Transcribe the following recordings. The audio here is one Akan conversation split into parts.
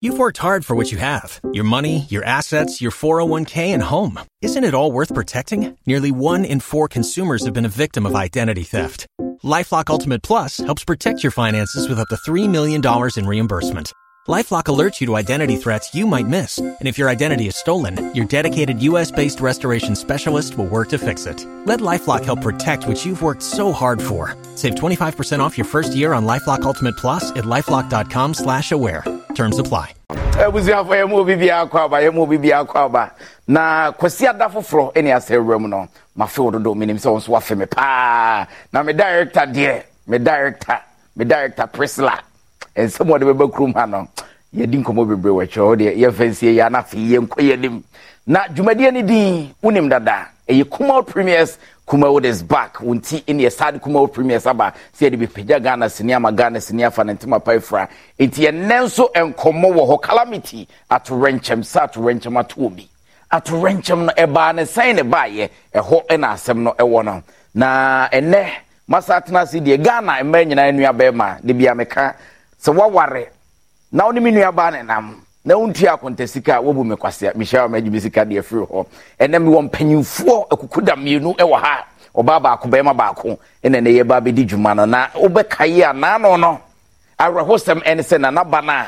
You've worked hard for what you have your money, your assets, your 401k, and home. Isn't it all worth protecting? Nearly one in four consumers have been a victim of identity theft. Lifelock Ultimate Plus helps protect your finances with up to $3 million in reimbursement. LifeLock alerts you to identity threats you might miss, and if your identity is stolen, your dedicated U.S.-based restoration specialist will work to fix it. Let LifeLock help protect what you've worked so hard for. Save 25% off your first year on LifeLock Ultimate Plus at lifeLock.com/slash-aware. Terms apply. na kwasi ada foforɔ no sɛ nso wafe paa na director deɛ director director wɔde kurom ha no. yɛdi nkɔmmɔ bebree wɔ akyerɛ hɔ deɛ yɛmfa nsie yɛ ana afei yɛnkɔ yɛ anim na dwumadie no din wonim dada ɛyɛ kumaw premiers kumawood is back wonti ne yɛsade kumawood premiers aba sɛ yɛde bɛpagya ghana sini ama ghana sini afa ne ntema fra enti yɛnɛ nso nkɔmmɔ wɔ hɔ calamity atorɛnkyɛm sɛ atorɛnkyɛm atoɔ bi atorɛnkyɛm no ɛbaa ne sɛn ne baayɛ ɛhɔ ɛna asɛm no ɛwɔ no na ɛnɛ masa atena ase deɛ ghana mmaa nyinaa nnuabɛɛma de bia meka sɛ waware na wo ne me nuabaa ne nam na wontua akonta sika a wobu me kwasea mehyia wa magye me sika deɛ firi hɔ ɛnɛ mewɔ mpanyimfoɔ da mmienu wɔ ha ɔbaa baako bɛrima baako ɛna ne yɛ ba bɛdi dwuma no na wobɛkae a naano no awerɛhosɛm ɛne sɛ nanaba no a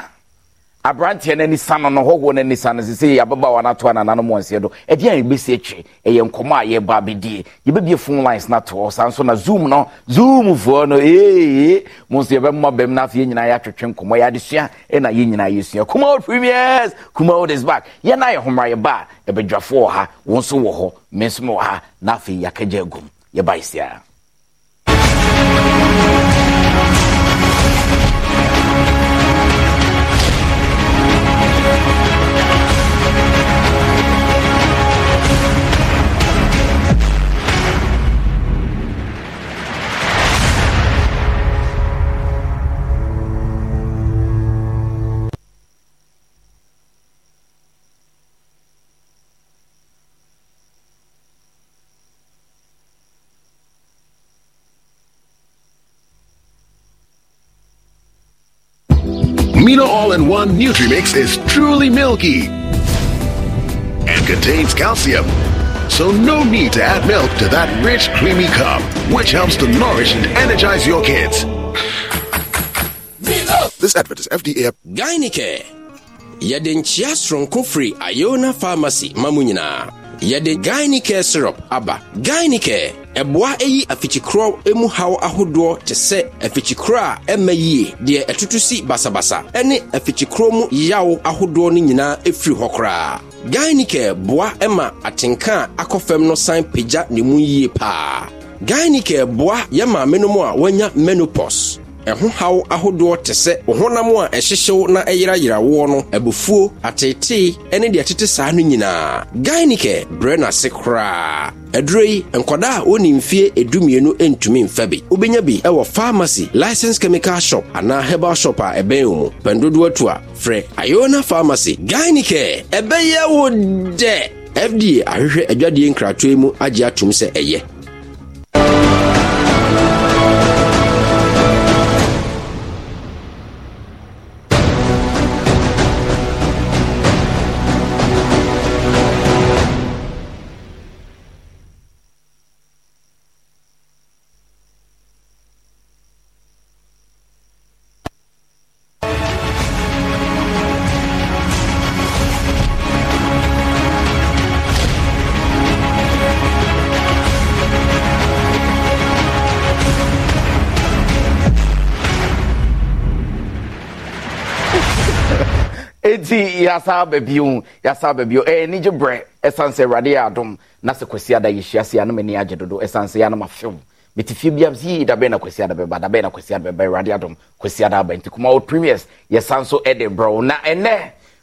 aberanteɛ no ani sa no no hɔhoɔ no ani sa no sɛsɛ yɛababaawa no atoa nananom wɔnseɛ do ɛdeɛ a yɛbɛsi atwe ɛyɛ nkɔmmɔ a yɛba bɛdie yɛbɛbie phone lines no atoɔ saa nso na zoom no zoomfoɔ no ee mo nso yɛbɛma bam no afei yɛnyinaa yɛatwetwe nkɔmmɔ yɛadesua ɛna yɛnyinaa yɛsua kumaod premiers kumaod is back yɛna yɛ homra yɛba a ɛbɛdwafoɔ wɔ ha wo nso wɔ hɔ me nso me wɔ ha na afei yɛakagya agum yɛba all-in-one Nutrimix is truly milky and contains calcium. So no need to add milk to that rich, creamy cup, which helps to nourish and energize your kids. This advert is FDA. Gynaecare. Yɛde nkyea soronko Iona Pharmacy ma yɛde gainike syrup aba gainike ɛboa ɛyi afikyikorɔ mu haw ahodoɔ te sɛ afikyikorɔ a ɛma yie deɛ ɛtoto si basabasa ɛne afikyikorɔ mu yaw ahodoɔ no nyinaa ɛfiri hɔ koraa gainike boa ɛma atenka a akɔ fam no san pagya ne mu yie paa gainike boa yɛ maame a wanya menopause ɛhohaw ahodoɔ te sɛ honam a ɛhyehyew na ɛyerayerawoɔ no abufuo ateetee ne deɛ ɛtete saa no nyinaa gainike brɛ n'ase koraa ɛduro yi nkɔdaa a wɔne mfie edumienu ntumi mfa bi wobɛnya bi ɛwɔ pharmacy license chemical shop anaa herbal shop a ɛbɛn mu pɛndodoɔ atu a frɛ ayona pharmacy gainike ɛbɛyɛ wo dɛ fda ahwehwɛ adwadeɛ nkratoe mu agye atom sɛ ɛyɛ yasa aba bio yasa aba bio ɛyɛ eh, ne gye brɛ ɛsan sɛ awurade yɛ adom na sɛ kwasi ada yɛhyia se anam ani agye dodo ɛsan sɛ yɛanam afew mete fie bia sɛ yii dabɛn na kwasi ada bɛba dabɛn na kwasi ada bɛba awurade adom kwasi ada aba nti kuma wo premiers yɛsan so ɛde brɛ wo na ɛnɛ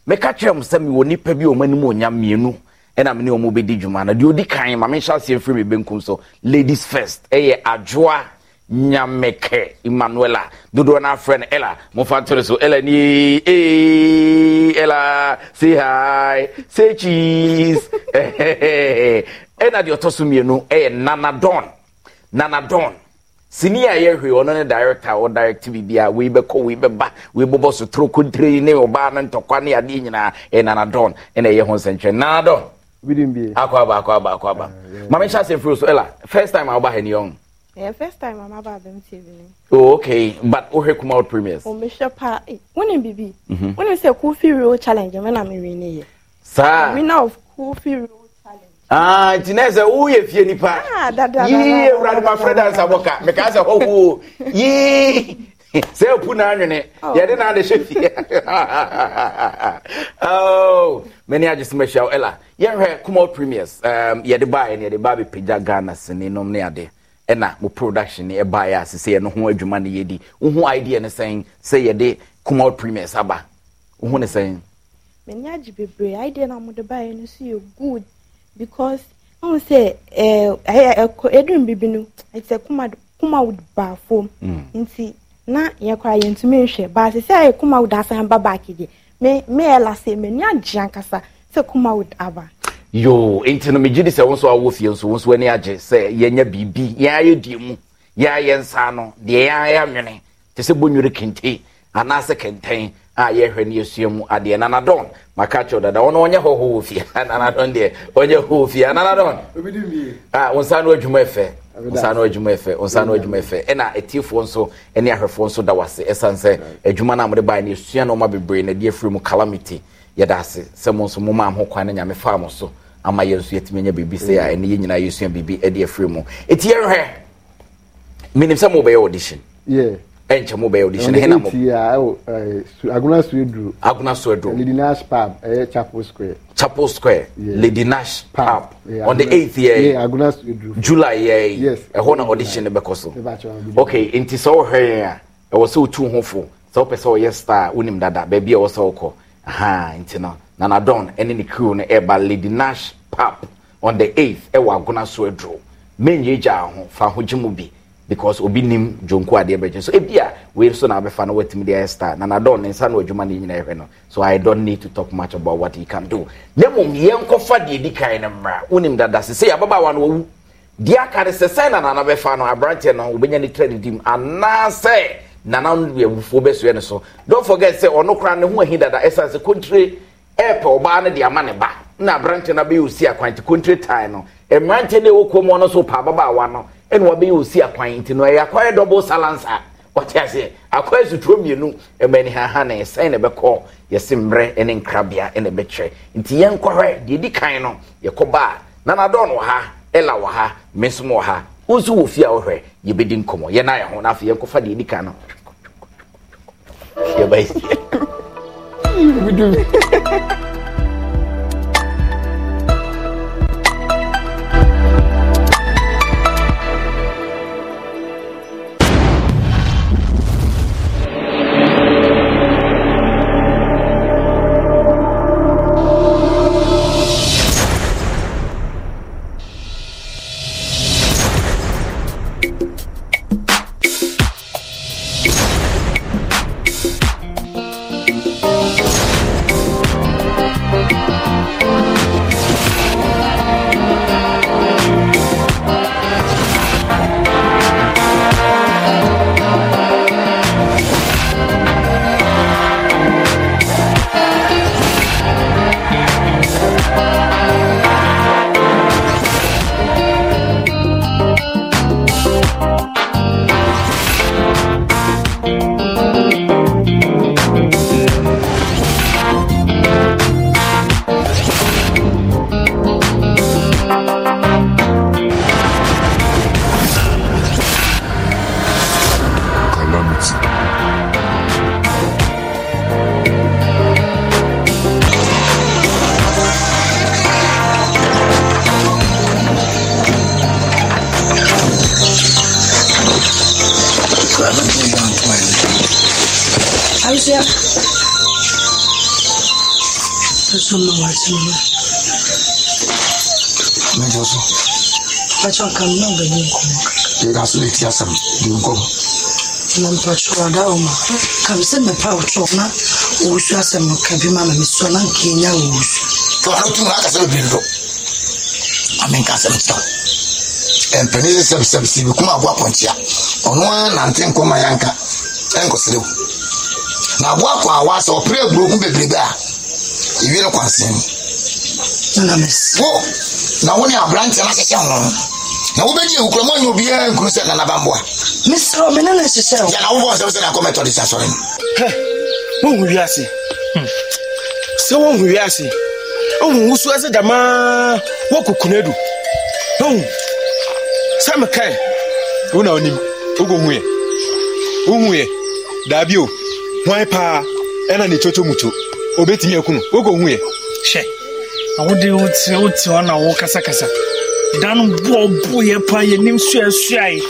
meka kyerɛ m sɛ mewɔ nipa bi ɔma anim ɔnya mmienu ɛna mene ɔmo bɛdi dwuma no deɛ ɔdi kan ma menhyɛ aseɛ mfiri me bɛnkum so ladies first ɛyɛ adwoa nyamekɛ emmanuela dodoɔ no afrɛ no ela mofa ntore so ela ni ee eh, ela say hi say cheese ɛna eh, deɛ ɔtɔ so mmienu ɛyɛ eh, nanadon nanadon sini a yɛhwee ɔno ne director ɔ direct biribi a wei bɛkɔ wei bɛba wei bɔbɔ so toro kontrei ne ɔbaa no ntɔkwa ne adeɛ nyinaa ɛyɛ nanadon ɛna ɛyɛ ho nsɛnkyerɛ nanadon akɔ aba akɔ aba akɔ aba ah, mamehyɛ asɛm firi so ela first time a woba ha ni ɔn Yeah, first time I'm about them TV. Oh, okay. But where oh, come out premiers? Oh, Mr. Pa, eh, when in BB, mm-hmm. when you say Kofi Real Challenge, when I'm in here. Sir. We know of Kofi Real Challenge. Ah, it's nice. Oh, if you nipa. Ah, that that. Yeah, run my friend as a worker. Make us a oh, yeah. Say, put on your neck. Yeah, then i Oh, many I just make Ella, yeah, come out premiers. Um, yeah, the buy and yeah, the baby pija Ghana, and no, near there. ɛna mo production ne ɛbaeɛ a sesɛ yɛno ho adwuma no yɛdi wohu idea no sɛn sɛ yɛde kumal premiers aba wohu ne sɛn mani agye bebree idea no a mode baeɛ no so yɛ good because ɔhu sɛ eh, eh, eh, ɛdurum bibi no ɛte sɛ kuma wo baa fam mm. nti na yɛkora yɛntumi nhwɛ baa sɛ sɛ ɛyɛ kuma wo da asan ba baaki de. me me ɛla sɛ mani agye ankasa sɛ kuma wo aba yoo nti no megye di sɛ wɔn nso awɔ fie nso wɔn nso ani agye sɛ yɛnya biribi yɛn ayɛ die mu yɛn ayɛ nsa ano deɛ yɛn ayɛ anwene te sɛ bonyere kente anaasɛ kɛntɛn a yɛhwɛ no yɛsua mu adeɛ nanadɔn maka kyerɛ dada ɔno ɔnyɛ hɔhɔ wɔ fie nanadɔn deɛ ɔnyɛ hɔ wɔ fie nanadɔn wo nsa no adwuma ɛfɛ nsa no adwuma ɛfɛ nsa no adwuma ɛfɛ ɛna etiefoɔ nso ɛne ahwɛfoɔ nso da wase ɛsan sɛ adwuma no a mode baeɛ no yɛsua nɔɔma yɛda ase sɛ mo nso moma ho kwan no nyame faa mo so ama yɛn nso yɛtumi anya biribi sɛ a mm. ɛne yɛ nyinaa yɛsua biribi de afiri mu ɛti yɛnhwɛ menim sɛ mobɛyɛ audition ɛnkyɛ mobɛyɛ audition hena agona so aduru agona so aduru pub chapel square chapel square yeah. lady nash pub on the 8th yɛ yeah, july yɛ yes ɛhɔ na audition no bɛkɔ so okay nti sɛ wohwɛ yɛn a ɛwɔ sɛ wotu ho fo sɛ wopɛ sɛ wɔyɛ star wonim dada baabi a ɛwɔ sɛ wokɔ ha nti no nana don ne ne crew no ɛba lady nash pap on the eighth ɛwɔ agona so aduro menye gya ho fa ho gye mu bi because obi nim dwonko adeɛ bɛgye so ebi a wei nso na abɛfa no watumi de ayɛ star nana don ne nsa na adwuma ne nyinaa ɛhwɛ no so i don't need to talk much about what he can do na mmom yɛnkɔfa deɛ di kan no mmra wonim dada sesei ababaawa no wawu deɛ aka no sɛ sɛn na nana bɛfa no aberanteɛ no wobɛnya ne tra ne dim anaasɛ nana awufoɔ bɛsoɛ ne so don't forget sɛ ɔno koraa ne ho ahi dada ɛsiane sɛ kontire ɛɛpɛ ɔbaa no de ama ne ba na aberante no abɛyɛ osi akwan nti kontire tae no mmeranteɛ no ɛwɔ kurom ɔno so pa ababaawa no ɛna wabɛyɛ osi akwan nti no ɛyɛ akwan dɔbɔ salansa wɔte aseɛ akwan sutuo mmienu ɛma ni haha na ɛsɛn na ɛbɛkɔ yɛsi mmerɛ ne nkrabea na ɛbɛkyerɛ nti yɛn nkɔhwɛ deɛ di kan no yɛkɔ baa nana dɔn wɔ ha ɛla wɔ ha mmesom wɔ ha nso wɔ fie a wɔhwɛ yɛbɛdi nkɔmɔ yɛn ayɛ ho na afei yɛn kɔfa deɛ di kan no. Ya baik sikit. na mpakyɛw ada wɔ mu ka bi sɛ mepa wotɔ na ɔwusu asɛm no ka bi ma ma mesɔ e na nka ɛnya ɔwusu tɔhano tum akasɛ bebree do amenka asɛm kyerɛ wo mpani sɛ sɛbsɛb si bi kuma aboa pɔnkyea ɔno a nante nkɔma yɛnka ɛnkɔsere wo na aboa kɔ a waasɛ ɔpere aburoku bebrebe a ewie no kwansen mu wo na wo ne aberanteɛ no ahyehyɛ ho na wobɛdi awukuramɔ nyɛ obiara nkuru sɛ nanabamboa mesrɛ me ne ne hyehyɛ wo yɛna wobɔ sɛ wo sɛ na kɔmɛtɔ de sasɔre no wohu wiase hmm. sɛ wohu wiase wohu wo so ase gyamaa woakokuna du wohu sɛ mekae wo na wonim wokɔhuɛ wohuɛ daabi o hwan paa ɛna ne kyotwo muto obɛtumi aku no wokɔhuɛ hyɛ na wode wote hɔ na wokasakasa da no boɔboyɛ paa yɛnim suasuae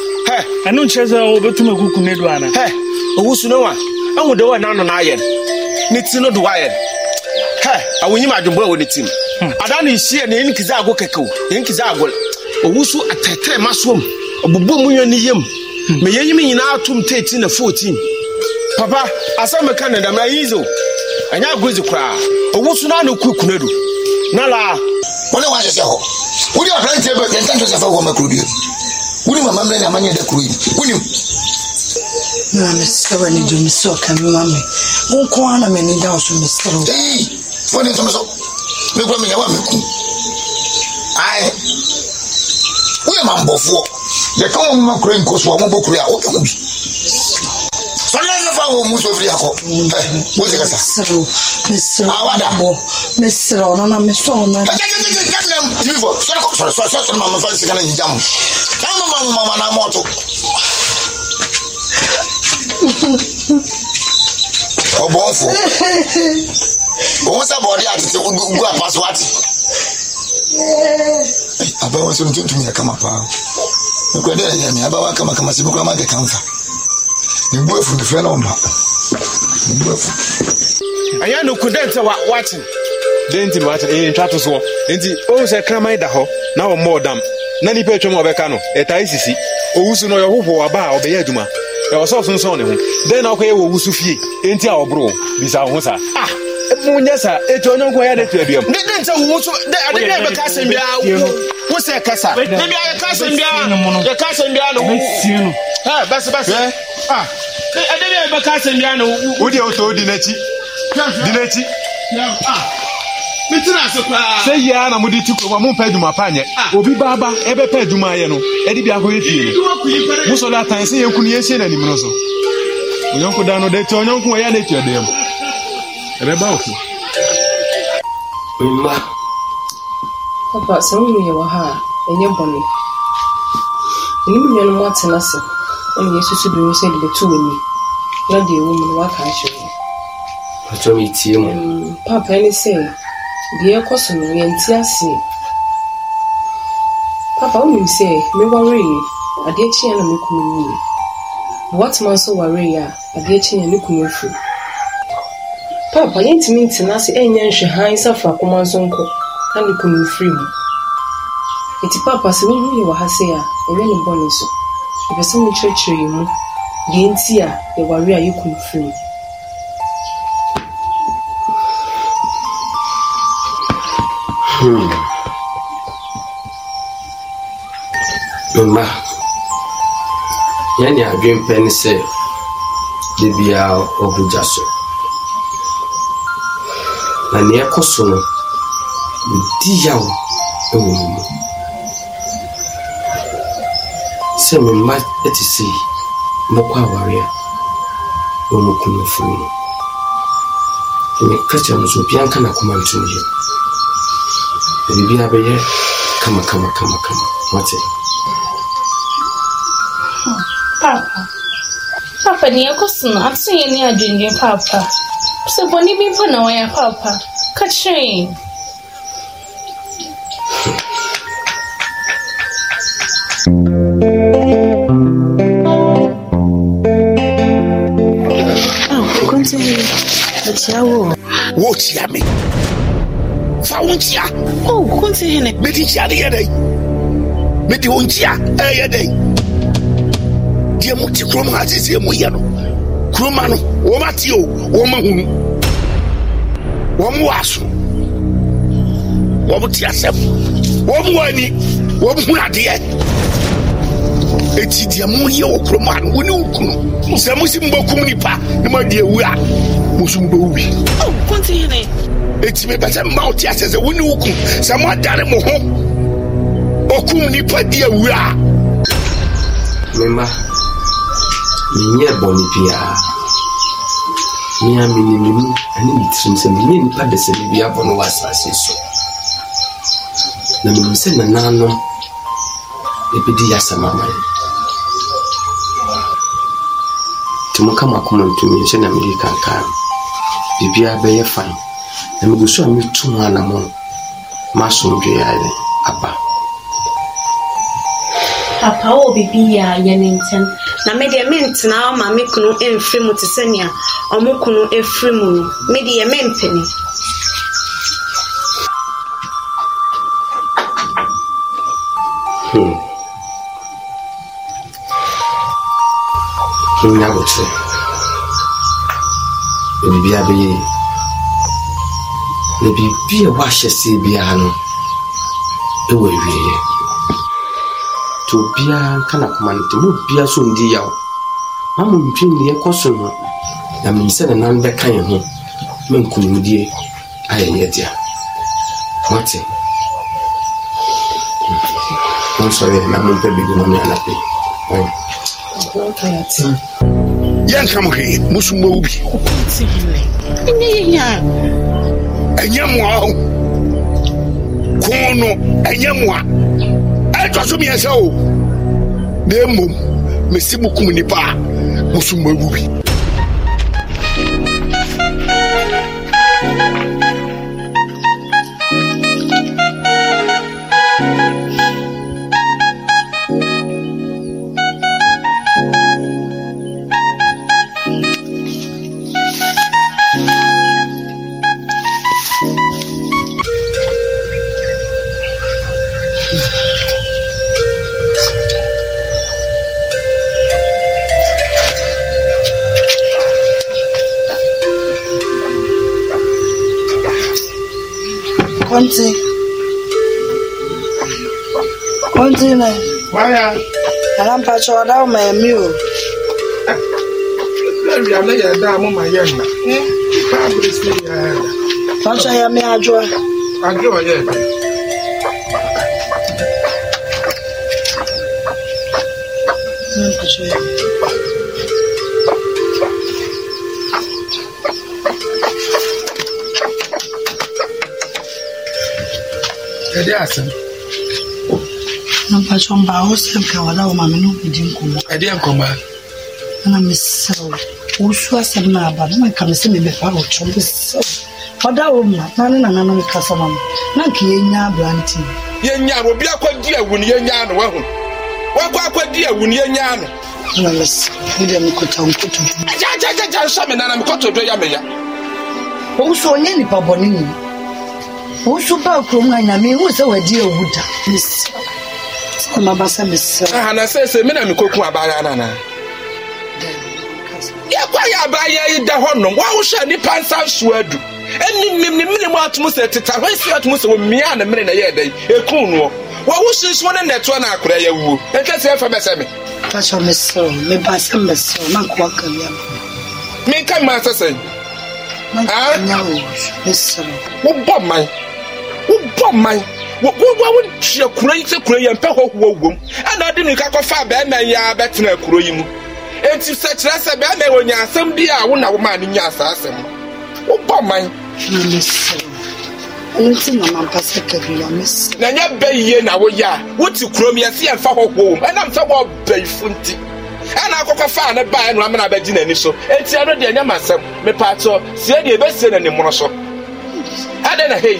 ɛno nkyerɛ sɛ wɔbɛtum akuku ne do ana ɔwusu no a ɛhu dɛ wɔ nano no ayɛ no ne ti no de wayɛ no hɛ awonyim adwomboa wɔ ne tim hmm. ada no nhyia ne ɛnkidze ago kɛkɛw ɛnkidze ago ɔwusu atɛtɛɛ ma soɔ mu ɔbobɔ mu nwɛ ne yam ma hmm. yɛnyim nyinaa tom 13 na 14 papa asɛm meka ne dɛm ɛyi dze o ɛnyɛ agoro dze koraa ɔwusu no ano ku kuna do na laa wɔne wɔahyehyɛ hɔ wode aberanteɛ bɛ yɛnka ntwɛ sɛ fa wɔ ma kuro bio wonim amammerɛ ne amanyɛ da kuro yi wonim na meserɛ ne dwo mesɛ ɔka mema me wo nko a na m'ani da wo so meserɛ wo wone nsɛm so mekora meyɛ wo a meku ae woyɛ mambɔfoɔ yɛka wɔ moma kuro nkɔ so a mobɔ kuro a wopɛ ho bi sɔre ɛsɛ fa wɔ mu so firi akɔ wose kasa awada meserɛ ɔno na mesɛ ɔno tv fɔ sɔre kɔ sɔre sɔre sɔre mama fa sika no nyigya ka anụmanụ mama na ama ọ bụ ọfụ òun sábà ọdí àtẹ̀tẹ̀ gbogbo àpasọ̀wátì. abawa sọ tuntun yẹ kama paa nkwa dẹ ẹyẹ abawa kama kama sẹ bukura ma kẹ kanfa ne bu efu ne fẹ na efu. ɛnyɛ nokun dɛ nti wakye dɛ nti wakye ɛyɛ nti na dam na nipa atwam a ɔbɛka no ɛtae sisi owu so no ɔyɛhoho aba a ɔbɛyɛ adwuma ɛwɔ sɛ ɔsonsɔn ne ho dɛn na ɔkɔyɛ wɔ owu fie enti a ɔboro bisa wo ho saa ah sa etu onye nkwa ya na aduam. ne wo nso de ade bi a asɛm bia wo sɛ kasa bia yɛ asɛm bia yɛ asɛm bia na wo eh, eh? ah ade bi a asɛm bia na wo. wo deɛ n'akyi di n'akyi mitena ase paa. sɛ yia na mo de ti kuroma mo mpɛ adwuma pa nyɛ ah. obi baaba ɛbɛ pɛ adwuma yɛ no ɛde bi akɔ yɛ fie no musɔ de atan se yɛn kunu yɛn se n'anim no so onyɔnko dan no de tia onyɔnko wɔ yɛ de tia dan mu ɛbɛba ofu. mma. papa sɛ wo nuyɛ wɔ ha a ɛnyɛ bɔne ɛnim nua no mu atena se ɔne yɛ susu bi sɛ de bɛtu wɔ ni na deɛ ɛwɔ mu no waka akyerɛ no. pàtó mi tie mu. Mm, papa ɛne sɛ deɛ ɛkɔ so no yɛnte aseɛ papa wonim sɛ mewareeɛ adeɛ kyea na me kunu yie boatoma nso wareeɛ a adeɛ kyea ne kunu afu papa yɛntumi ntena ase ɛnyɛ nhwɛhan sɛ afa akoma nso nkɔ na ne kunu mfiri mu nti papa sɛ wohu yɛ wɔ ha sɛ a ɛnyɛ ne bɔne so ɛpɛ sɛ wokyerɛkyerɛ yɛ mu deɛ a yɛware a yɛkunu firi mu hmm. mma yɛne adwen pɛ ne sɛ da biara ɔgu gya so na neɛ kɔ so no medi yaw ɛwɔ mu mu sɛ me mma te sei mɛkɔ aware a wɔmukunu afiri mu meka kyerɛ no so obianka nakoma ntom yɛ biribiara bɛyɛ kama kama kama kama wate papa papa deɛ ɛkɔ so no ato yɛ ne adwendwe papa sɛ bɔne bi mpo na wɔyɛ papa Oh, ka kyerɛ yɛn Wotia me fa wo nkyia o oh, kunti hene mede nkyia ne yɛ dɛn mede wo nkyia ɛyɛ dɛn deɛ mo te kurom ha siesie mo yɛ no kuroma no wɔma te o wɔma hunu wɔm wɔ aso wɔm te asɛm wɔm wɔ ani wɔm hu adeɛ eti deɛ mo yɛ wɔ kurom a no wo ne wo kunu sɛ mo si mo bɛkum nipa ne mo adi ewu a mo so mo bɛwu bi. ɔn oh, kɔnti yɛn ne. eti mepɛ sɛ mma wote asɛ sɛ wone ne wo ku sɛ moadane mo ho ɔkum nnipa di awu a mema menyɛ bɔne biaa mea menenemu ɛne metirim sɛ menyɛ nnipa de sɛ mebi abɔ no wɔ asase so na menim sɛ nanaa no ɛbɛdi yɛasɛm ama no nti moka mo ntumi nhyɛ na mede kankaa biribiaa bɛyɛ fine Oh, na megu so a metu mu anamɔ no masomdwee ayɛ aba papa wɔ biribi yɛ a yɛ ne nkyɛn na medeɛ mentena ama me oh, kunu eh, mfiri mu te sɛnea ɔmo kunu ɛfiri eh, mu no medeɛ mempene hmm. Nyɛ abotire, biribi abɛyɛ yi na biribi a ɛwɔ ahyɛseɛ biara no ɛwɔ awieɛ nti obiara nka n'akoma no ntam obiara so ndi yaw ma mo ntwem deɛ ɛkɔ so no na mmom sɛ ne nan bɛka yɛn ho ma nkonimdie ayɛ yɛ dea wate monsɔre na mompɛ biribi ma me anapɛ yɛnka mo hwee mosommɔ wo bi ɛnyɛ mua e e o kun no ɛnyɛ mua ɛtɔ so mmiɛnsa o na emom mesi mu kum nipa musu mu ewu bi. Konti. Konti ne. Waya. Nana ah? mpatsɔ ɔda ɔma ɛmi o. Lẹ́rìí alẹ́ yẹn dá amú màá yẹ̀ mọ́. Báàbù ìsìn yẹn. Wọ́n sọ yẹn mi adjọ́. Adjọ́ asɛm mpakyɛ mba wo sɛm ka wɔda wo ma me ne wobɛdi nkɔmmɔ ɛdeɛ nkɔmmɔ ana mesɛw wosu asɛm no aba no manka me sɛ mebɛfa wotwo mesɛw ɔda wo ma na ne nananom kasa ma mo na nka yɛnya aberante yɛnya no obi akɔdi awu no yɛnya no wahu wakɔ akɔdi awu no yɛnya no ana mesɛ wodeɛ mekɔta wo nkɔtodwo agyagyagyagyɛ nsɛ me nana mekɔtodwo ya meya ɔwo so ɔnyɛ nnipa bɔne nim wosu baa kurom ha nyame hu sɛ wadi awu da mesɛma ba sɛ mesɛhana ah, sɛsɛ mekɔku abaayaa no yɛkɔ yɛ abaayaa yi da hɔ nom woawohyɛ nnipa nsa nsoa adu ɛnimnim ne mene atom sɛ teta hɔ si atom sɛ wɔmmia ne mene na ɛyɛ dɛn ɛku noɔ wɔwo hyinhyimo ne nnɛtoa no akora yɛwuo ɛtwa sɛ ɛfa bɛsɛ me menka ma sɛ sɛn ah? wobɔ man wobɔ man wowa wonkyerɛ kuro yi sɛ kuro yi yɛmpɛ hɔhoɔ wom ɛna de nika kɔfa bɛrima yi a bɛtena kuro yi mu eti sɛ kyerɛ sɛ bɛrima yi wɔnya asɛm bi a wona woma no nya saa asɛm no wobɔ man na nyɛ bɛ yie na woyɛ a wote kurom yɛse yɛmfa hɔhoɔ wom ɛnam sɛ wɔbɛyifo nti ɛna akɔkɔ faa ne baa no amena bɛgye n'ani so enti ɛno deɛ nyɛ masɛm mepaakyɛ sie deɛ ɛbɛsie n'animono so ɛdɛ na hei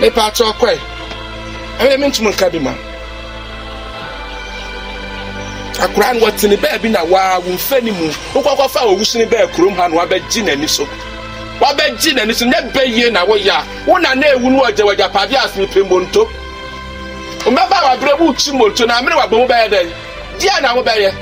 mepa atọ ọkwa ɛbɛyɛ me ntumi nka bi ma akora no wɔtene bɛɛ bi na waa womfa ni mu wokɔkɔfa a wɔwusu ne baa kurom ha na wabɛgye n'ani so wabɛgye n'ani so nyɛ bɛyie na woyɛ a wona na na ewu no wɔgya wɔgya paade asemepe mbonto mbɛba a wabrɛ mu wokyi mbonto na amene wabɔ mu bɛyɛ dɛn deɛ na wobɛyɛ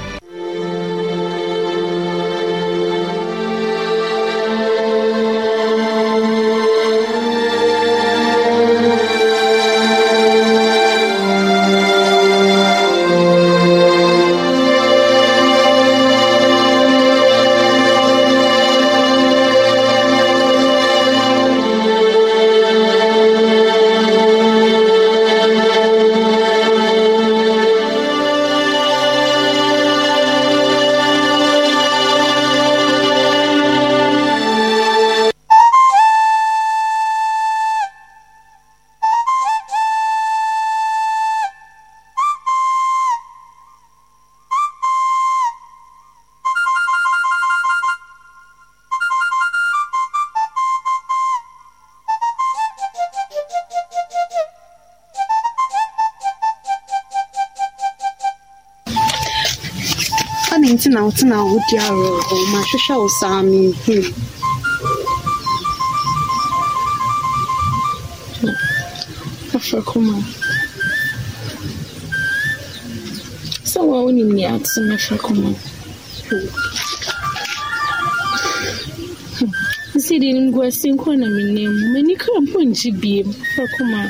na wotena uh, a wodi awerɛhoɔ mahwehwɛ wo saa menhu afra kɔma sɛ woa wonim nea ate na afra kɔma sɛ deɛ nimguasenkɔ na menam m'ani kra mpo nkye biem afra kɔma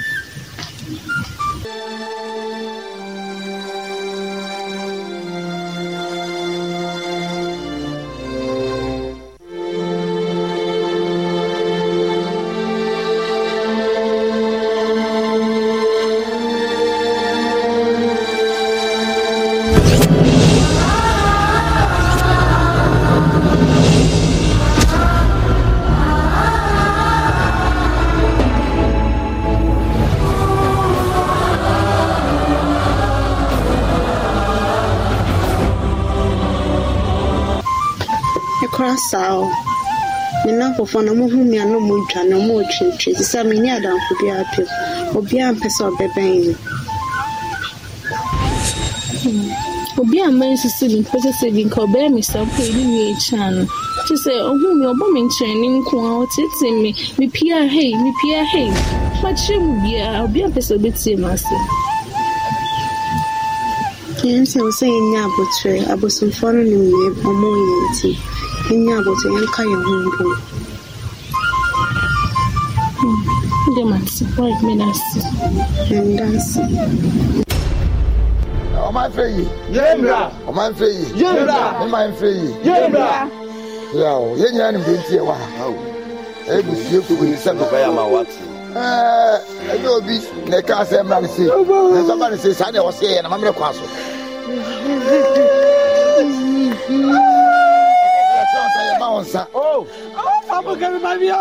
foforɔ na mohu mmea no mu dwa na ɔmo retwentwe te sɛ menni adamfo biara pɛ obiara mpɛ sɛ ɔbɛbɛn me obi a mma nsusu bi mpɛ sɛ sɛ bi nka ɔbɛyɛ me saa mpo ɛni wie akyi ano kye sɛ ɔhu mi ɔbɔ me nkyɛn ne nko a ɔtetee me mepia hei mepia hei makyerɛ mu biara obi a mpɛ sɛ ɔbɛtie me ase yɛn sɛ wo sɛ yɛnya abotire abosomfoɔ no ne mmie ɔmɔ yɛn ti yɛnya abotire yɛnka yɛn ho mbom maths boy menasi and dancing. ọmọ nfẹ yìí. yéèmìrà. ọmọ nfẹ yìí. yéèmìrà. mímà nfẹ yìí. yéèmìrà. yà ó yéè nyina ni bẹntì ẹ wá. ẹ bù sí ekuru ní sẹ́nu. bẹ́ẹ̀ yà máa wá tì. ẹẹ ẹ ní obi ní ẹka asẹ mìíràn sí i ní sábà ní sè sáà ní ẹ wọ́n sí ẹ yẹn ní mamiri kọ́ aso. ẹ ti ọ̀sán yẹn má wọn sá. ó fàbùkẹ́ mi bá mi yọ.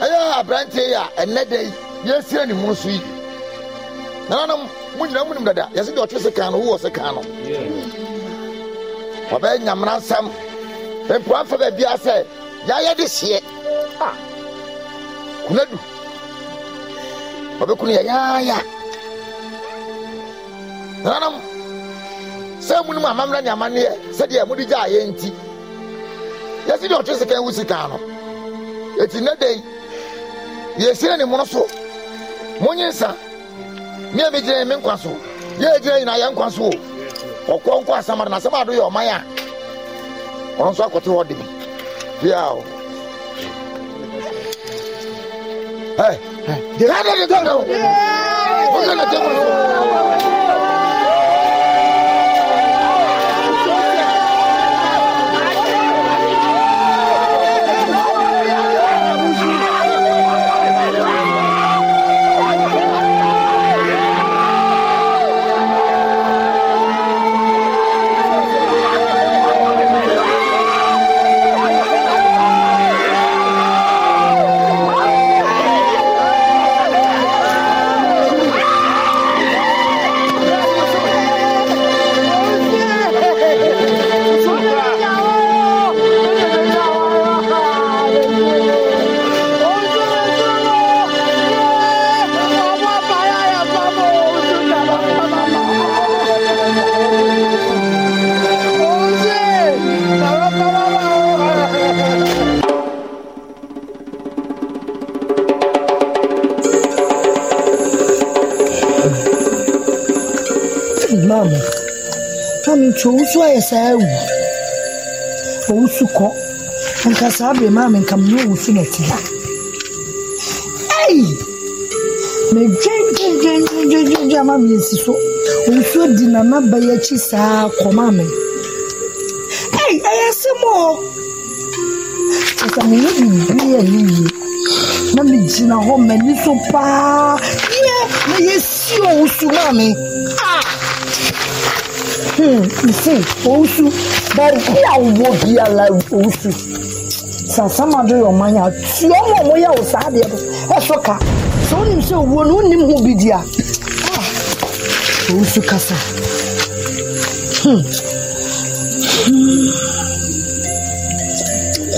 ɛyɛ aberanteɛ yi a ɛnɛ dɛ yi yɛasie ne mu so yi nananom mo nyina munim dada yɛsɛ deɛ ɔtwe se kan no wowɔ se kan no wɔbɛyɛ nyamena nsɛm mpo amfa baabia sɛ yɛayɛ de hyeɛ kuna du wɔbɛkunu yɛ yaaya nananom sɛ munim amammerɛ ne amanneɛ sɛdeɛ mode gyaa yɛ nti yɛsɛ deɛ ɔtwe se kan wo sikan no ɛti nɛ dɛ yɛhyira ne mono so monye nsa me a megyina me nkwa so yɛgyina nyina yɛ nkwa so o ɔkɔ nkɔ asamade na asɛm ado yɛ ɔman a ɔno nso akɔte hɔ de bi bia o Hey, hey. Yeah. nti wo so ayɛ saa awu ɔwo so kɔ nka saa berɛ maa me nka mene wo so nɔte ha ei medwendwendwendwendwendwendwe ama meyɛsi so wo oh, so di nana ba yi akyi saa ei ɛyɛ asɛm ɔ ɛsɛ meyɛ biribi a ne yie na megyina hɔ m'ani so paa yɛ meyɛ si ɔwo so nsi owusu bari na wo biara owusu sasama do yɛ ɔman yɛ atua mu a ya wɔ saa adeɛ do ɛso ka sɛ wonim sɛ owuo no wonim ho bi a owusu kasa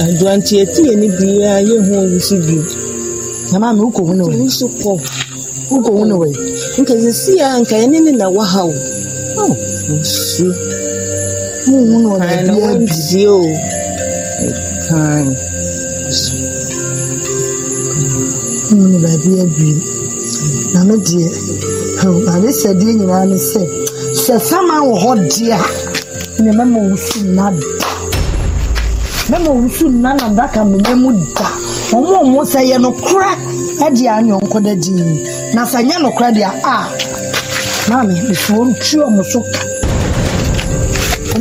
aduantiɛtiɛ ni biara yɛhu owusu bio na maame wokɔhu ne wɔ owusu pɔ na si a ne na waha o oh. nsi muhu na ɔde bi abie o ɛkan so muhu na baabi abie na me deɛ maame sɛ deɛ nyinaa ne sɛ sɛ sama wɔ hɔ deɛ a ne mɛma wusu nna da mɛma wusu nna na da ka mene mu da wɔn a wɔn sɛ yɛ nokora ɛde anyɔnkɔ da din na sɛ nyɛ nokora deɛ a maame nsuo ntuo mo so ka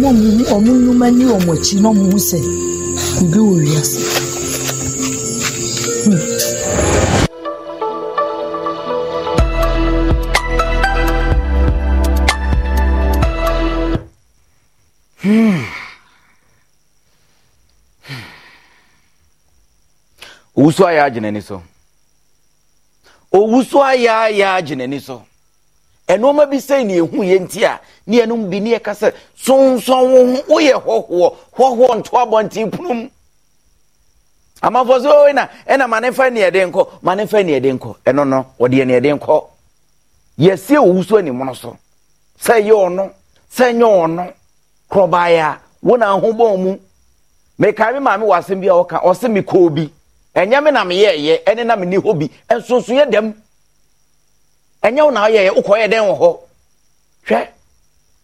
ɔmo nnumu ɔmo nnuma na ɔmo sɛ obi wɔ wiase. owusu ayɛ agye n'ani so owusu ayɛ ayɛ agye n'ani ɛnoɔma bi sɛ ne ɛhu yɛ nti a ne ɛnom bi ne ɛka sɛ sonsɔn wo ho woyɛ hɔhoɔ hɔhoɔ nto abɔnten punum amafoɔ sɛ oi na ɛna ma ne mfa nkɔ ma ne mfa nkɔ ɛno no wɔdeɛ ne ɛde nkɔ yɛsie owu so anim no so sɛ yɛ ɔno sɛ nyɛ ɔno korɔbaeɛ a wo na ahobɔn mu mekae me maame wɔ asɛm bi a ɔka ɔse mekɔɔ bi ɛnyɛ me na meyɛɛyɛ ɛne na menni hɔ bi ɛnsonsoyɛ dɛm ɛnyɛ wo na ayɛ wokɔyɛ dɛn wɔ hɔ hwɛ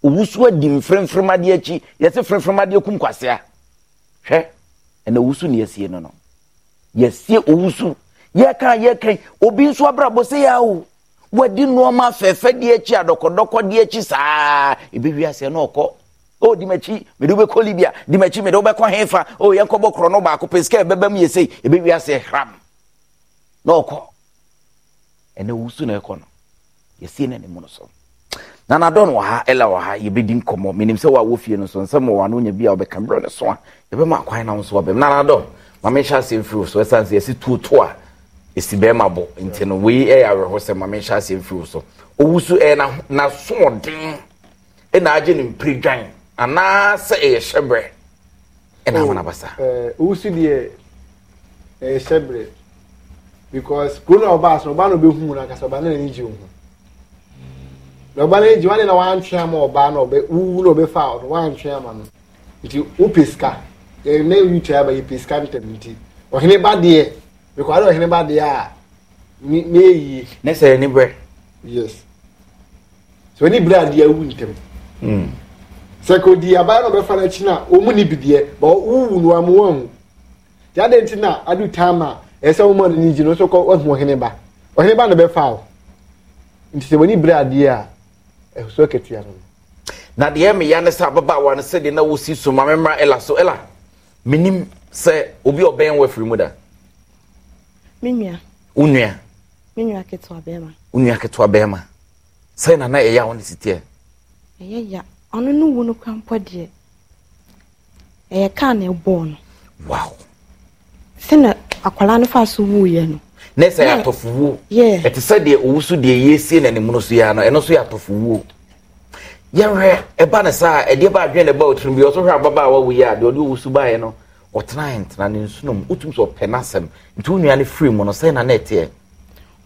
owusu adi mfremfremadeɛ akyi yɛse fremfremadeɛ kum kwasea hwɛ ɛna owusu ne yɛsie no no yɛsie owusu yɛka yɛka obi nso abrabɔ sɛ yɛ awo wadi nneɛma fɛfɛ deɛ akyi adɔkɔdɔkɔ deɛ akyi saa ebi wi aseɛ na ɔkɔ o di m'akyi mede wobɛkɔ libya di m'akyi mede wobɛkɔ hefa o yɛnkɔbɔ korɔ no baako pɛ sika ɛbɛba mu yɛ sei ebi wi aseɛ hram na ɔkɔ ɛna owusu no yɛsie no anim no so na nadɔ no wɔ ha ɛla wɔ ha yɛbɛdi nkɔmmɔ menim sɛ woawɔ fie no so nsɛm wɔ ano nya bi a wobɛka mmerɛ no so a yɛbɛma akwan na wo so wabɛm na nadɔ mamenhyɛ asɛm firi wo so ɛsiane sɛ yɛse tuoto a ɛsi bɛrima bɔ nti no wei ɛyɛ awerɛhɔ sɛ mamenhyɛ asɛm firi so ɔwu so ɛyɛ nasoɔden ɛna agye no mpiri anaasɛ ɛyɛ hyɛberɛ ɛna ama nabasa ɔwu deɛ ɛyɛ hyɛberɛ because kuro no a ɔbaa so ɔbaa no ɔbɛhu no akasa ɔbaa no n'ani gye wo ho na ọba e na nwa ama ya na ọba na ọba fa ọdụ wantwe ama no nti wopɛ sika na ewu tia yɛpɛ sika ntɛm nti ɔhene ba deɛ mekwari ɔhene ba deɛ a ne sɛ ne yes adeɛ ntɛm. sɛ di na ɔbɛfa na ɔmu ne no ti nti a ne gyi no nso kɔ ɔhene ba ɔhene na ɔbɛfa nti sɛ adeɛ ɛso ketewa no na deɛ meya ne sɛ ababaawa no sɛdeɛ na wɔsi so ma memmra ɛla so ɛla menim sɛ obi ɔbɛn wɔ afiri mu da me nua wo nua me nua ketewa bɛrima wo ketewa bɛrima sɛ na na ɛyɛ a wo ne siteɛ ɛyɛ ya ɔno no wu no kwampɔ deɛ ɛyɛ kaa na ɛbɔɔ no wow sɛna akwaraa no fa so wuiɛ no na ɛsɛ yɛ atɔfowuo ɛte sɛ deɛ owu so deɛ yɛsie na anim no so yɛ ano ɛno so yɛ atɔfowuo yɛhwɛ ɛba ne saa ɛdeɛ ba adwene ne ba otiri bi ɔso hwɛ ababaawa wo yi a deɛ ɔde owu so baeɛ no ɔtena ntena ne nsunom wotum sɛ ɔpɛ n'asɛm nti wo nua ne firi mu no sɛn na ne ɛteɛ.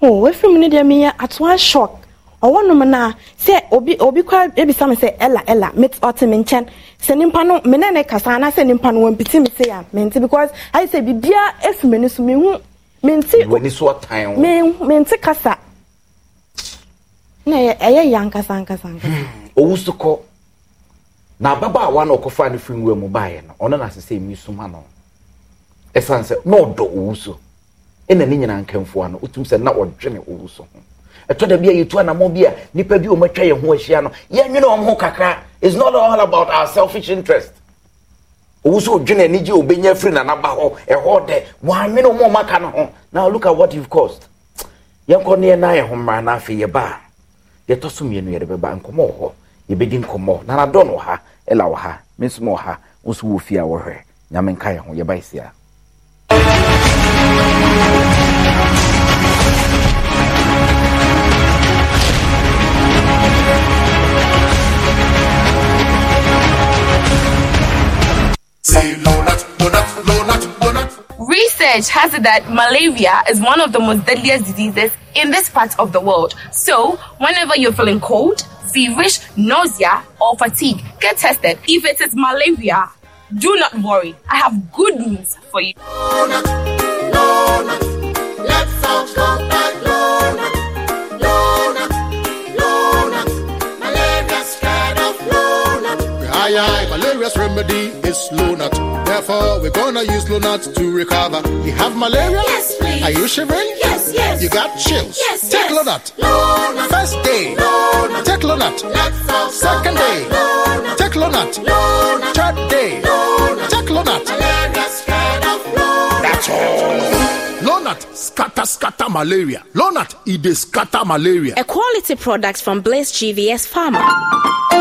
o oh, efiri mu ne deɛ meyɛ atoa shock ɔwɔ nom na sɛ obi obi kora ebisa mi sɛ ɛla ɛla met ɔte mi nkyɛn sɛ nipa no mi nɛnɛ kasa anasɛ nipa no wɔn piti mi se ya mɛ because ayi sɛ bibiara efi mi ni so mi hu menti wani so ɔtan wo menti kasa na ɛyɛ yɛ ankasa ankasa ankasa hmm, owu so kɔ na ababaawa na ɔkɔfa ne firi nwura mu baeɛ no ɔno na asesɛ mi soma no ɛsiane sɛ na ɔdɔ owu so ɛna ne nyinaa nkamfoa no wotum sɛ na ɔdwene owu so ho ɛtɔ da bi a yɛtu anammɔ bi a nnipa bi ɔmatwa yɛn ho ahyia no yɛnwene ɔm ho kakra is not all about our selfish interest owu sɛ na ani gye obɛnya firi nanaba hɔ ɛhɔ dɛ wɔanwene wo ma ɔma ka no ho na look at what ya caused yɛnkɔ ne yɛna yɛ ho mmara no afei yɛbaa yɛtɔ so mmienu yɛde bɛba nkɔmmɔ wɔ hɔ yɛbɛdi nkɔmmɔ no ha ɛla wɔ ha me nso ma wo wɔ fie a wɔhwɛ nyame nka yɛ ho Research has it that malaria is one of the most deadliest diseases in this part of the world. So, whenever you're feeling cold, feverish, nausea, or fatigue, get tested. If it is malaria, do not worry. I have good news for you. aye, malaria's remedy is Lunat. Therefore, we're gonna use Lunat to recover. You have malaria? Yes, please. Are you shivering? Yes, yes. You got chills? Yes, Take yes. Lunat. Lunat. First day. Lunat. Take Lunat. Second day. Lunat. Take Lunat. Lunat. Third day. Lunat. Take Lunat. Malaria's scared of Lunat. That's all. Lonat scatter scatter malaria. Lonat it scatter malaria. A quality product from Blaze GVS Pharma.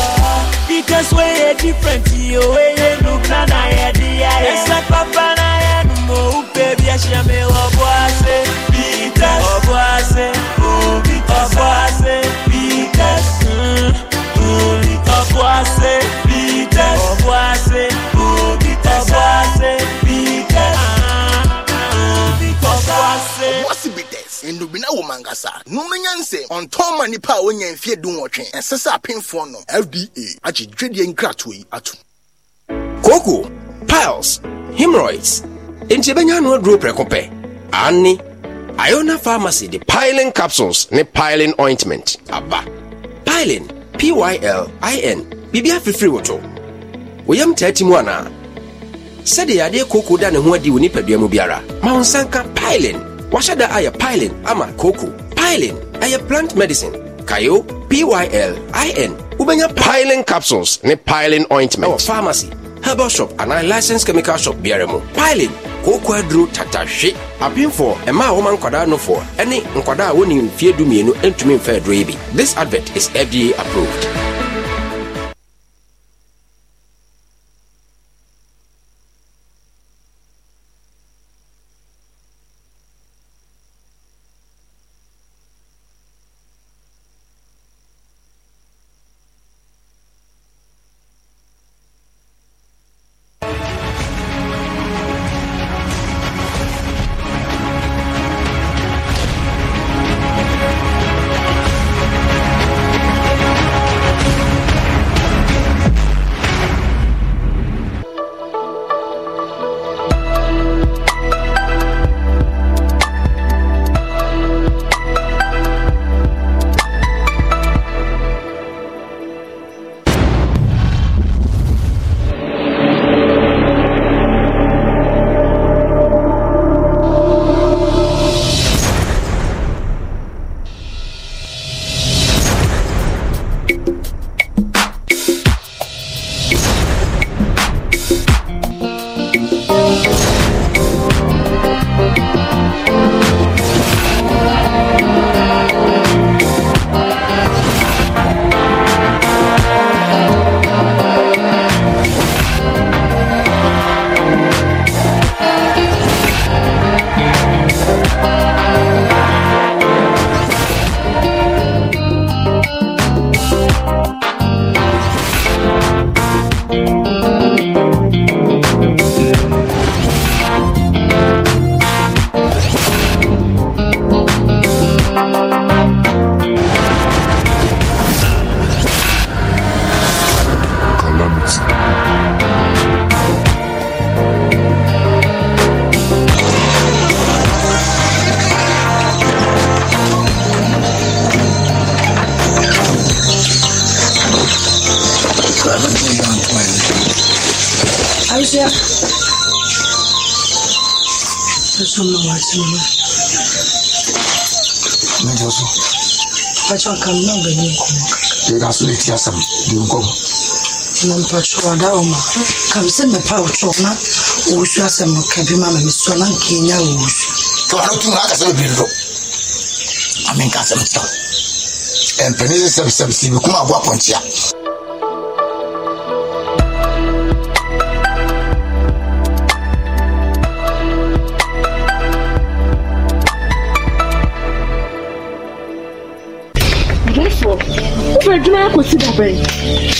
Because we're different, you ain't look na na It's like papa na no mo baby I shall me oboase. Because oboase, oh because oboase, mm, because only oboase, years ndobina wɔ mankasa num nya nsɛm ɔntɔn ma nipa a wonya mfie dunwɔtwe ɛsɛ sɛ apemfoɔ no fda agye dwedeɛ nkratoɔ ato koko piles hemorrhoids enti ɛbɛnya ano aduro prɛko pɛ ane iona pharmacy de piling capsules ne piling ointment aba piling pylin biribi afifiri wo to woyam taati mu anaa sɛdeɛ adeɛ koko da ne ho adi wɔ nipadua mu biara ma wo nsa nka piling wɔahyɛ da ayɛ pilin ama koko pilin ɛyɛ plant medicine kayo pylin wobɛnya pilin capsules ne pilin ointment ɛwɔ pharmacy herbal shop anaa license chemical shop biara mu pilin kooko aduro tatahwe apemfoɔ ɛma a wɔma nkwadaa nofoɔ ɛne nkwadaa a wɔne mfeɛ dumienu ntumi mfa aduro yi bi this advert is fda approved makyɛma mɛnkyɛ so mpakyɛ ka me na wobɛni nkɔmmɔ ɛda so ne ti asɛm de nkɔm na mpakyɛ wada wo ma kam sɛ mepa wotwɔ na wɔwɔsu asɛm no ka bi ma ma mesua na nka ɛnya wɔwɔsu tɔwada tu na akasɛ bebree dɔ amenka asɛm kyerɛ ɛmpɛne sɛ sɛbsɛbsi mekuma aboa pɔnkyea sɛn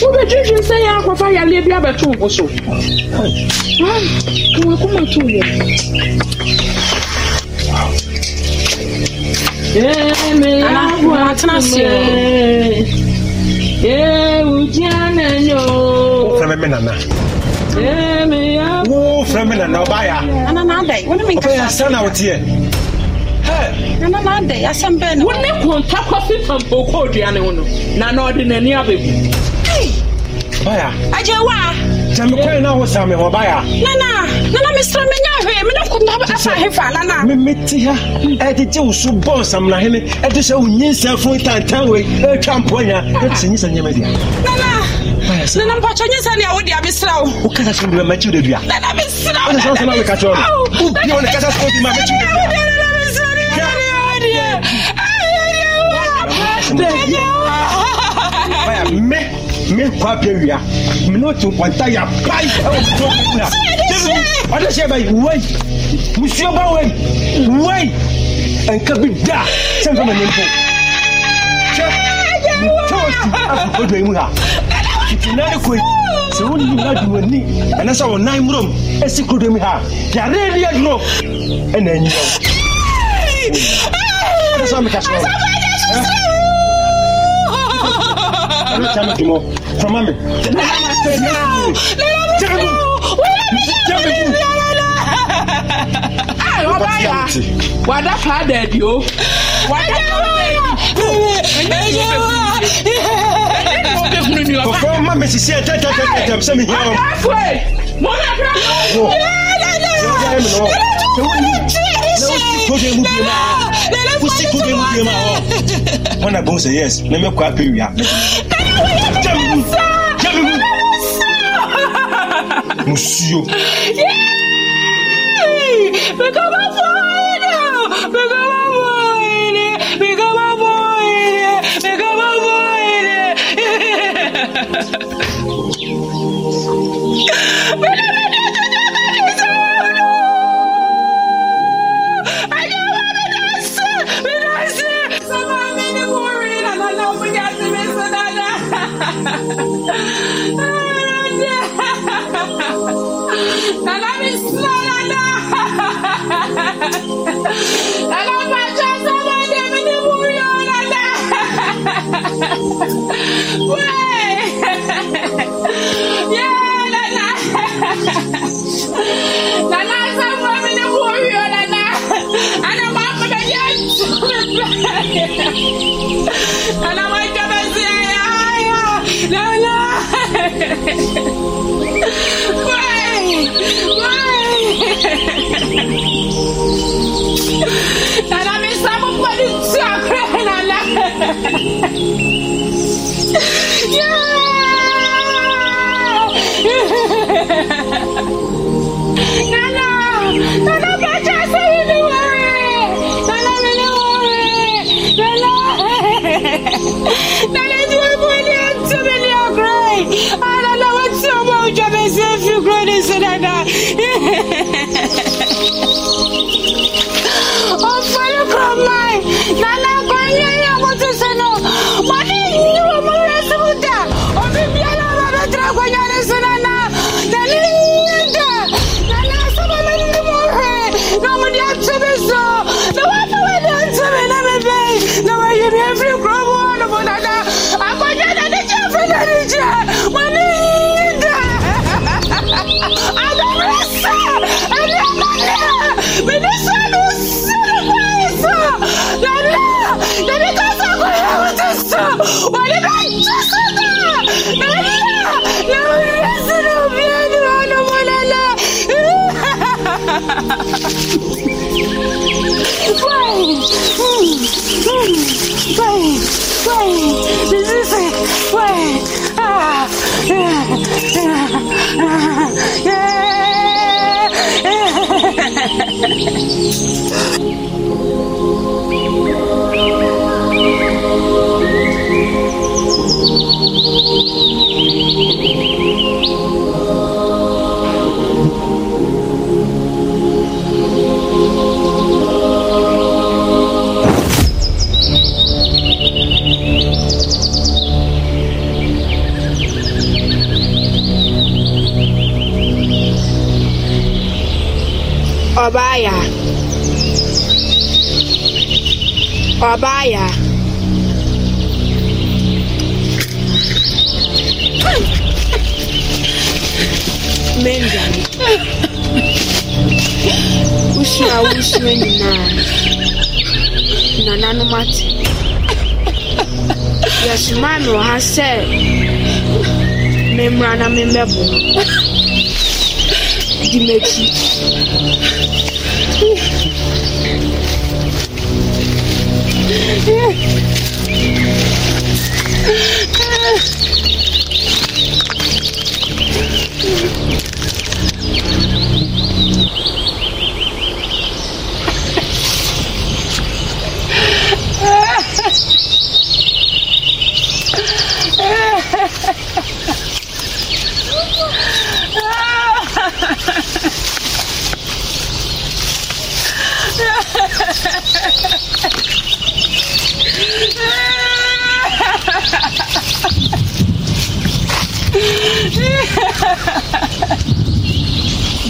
wobɛdwindwin sɛ yɛ akɔfa yareɛ bi abɛto wo bo so kawakoma to yɛ wofrɛ me nana wofrɛ me nana ɔbaayɛ a wofrɛ yɛ sɛ na woteɛ nana n'adɛ yasɛm bɛɛ na. wone kunta kɔfi pampo kɔ aduane ho no na na ɔde n'ani abɛbu. baya. agye wa. jami kwan na ho sami hɔ baya. nana nana misiri mi nya hwee mi na kunta afa hefa nana. mi e ti ha ɛdidi wusu bɔn samuna hene ɛdi sɛ wunyi nsa fun tantan wei etwa mpɔnya eti nyisa nyɛmɛ di. nana. nana mpatso nye sani awo di a bɛ sira o. o kasa sɔrɔ dɛmɛ mɛ ciw de bi yan. nana bɛ sira o o. o de sɔrɔ sɔrɔ bɛ ka o bi wɔn de kasa sɔrɔ bi ma mɛ ciw de bi yan. asɛm me me nkɔ apɛwia me ne otu nkɔnta yɛ apae ɛwɔ ɔde hyɛ bɛyi wei musuo ba wei wei nka bi da sɛ mfa ma ne mpo kyɛ metɔɔsi afokɔdwa yi mu ha kitinare koi sɛ wo nyina de w'ani ɛnɛ sɛ wo nan mmrom ɛsi korodwa mu ha yare ni aduro ɛna anyiwa wo ɛne sɛ meka sɛ I'm not coming tomorrow. From mommy. No, no, no. No, no, no. Wada fa dẹbi o. Wada fa dẹbi o. Kọ̀fọ́ má mi sisi ẹ̀ tẹ́tẹ́ tẹ́tẹ́ tẹ́m sẹ́mi yẹn o. Wada fún ẹ, mo bẹ fẹ́ fún ẹ. Lẹ́lẹ́ fún ẹ. Wọ́n na bọ́ sẹ́ yẹ́sì, ní mi kọ́ apẹ̀ wíyà. Jalousou! Jalousou! ọbaaya ọbaaya. Menjani. Usu a wusu e nyinaa. Nananom ate. Yɛsoma me ha sɛ memmra na memmɛbo. Di m'akyi. Yeah.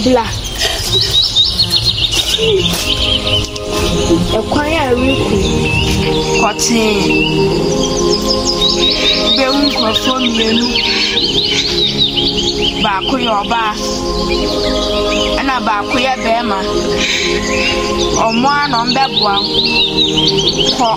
bla ɛkwan a reku kɔtee bɛwu nkurɔfoɔ mmienu baako yɛ ɔbaa ɛna baako yɛ bɛrima ɔmo ano mbɛboa kɔ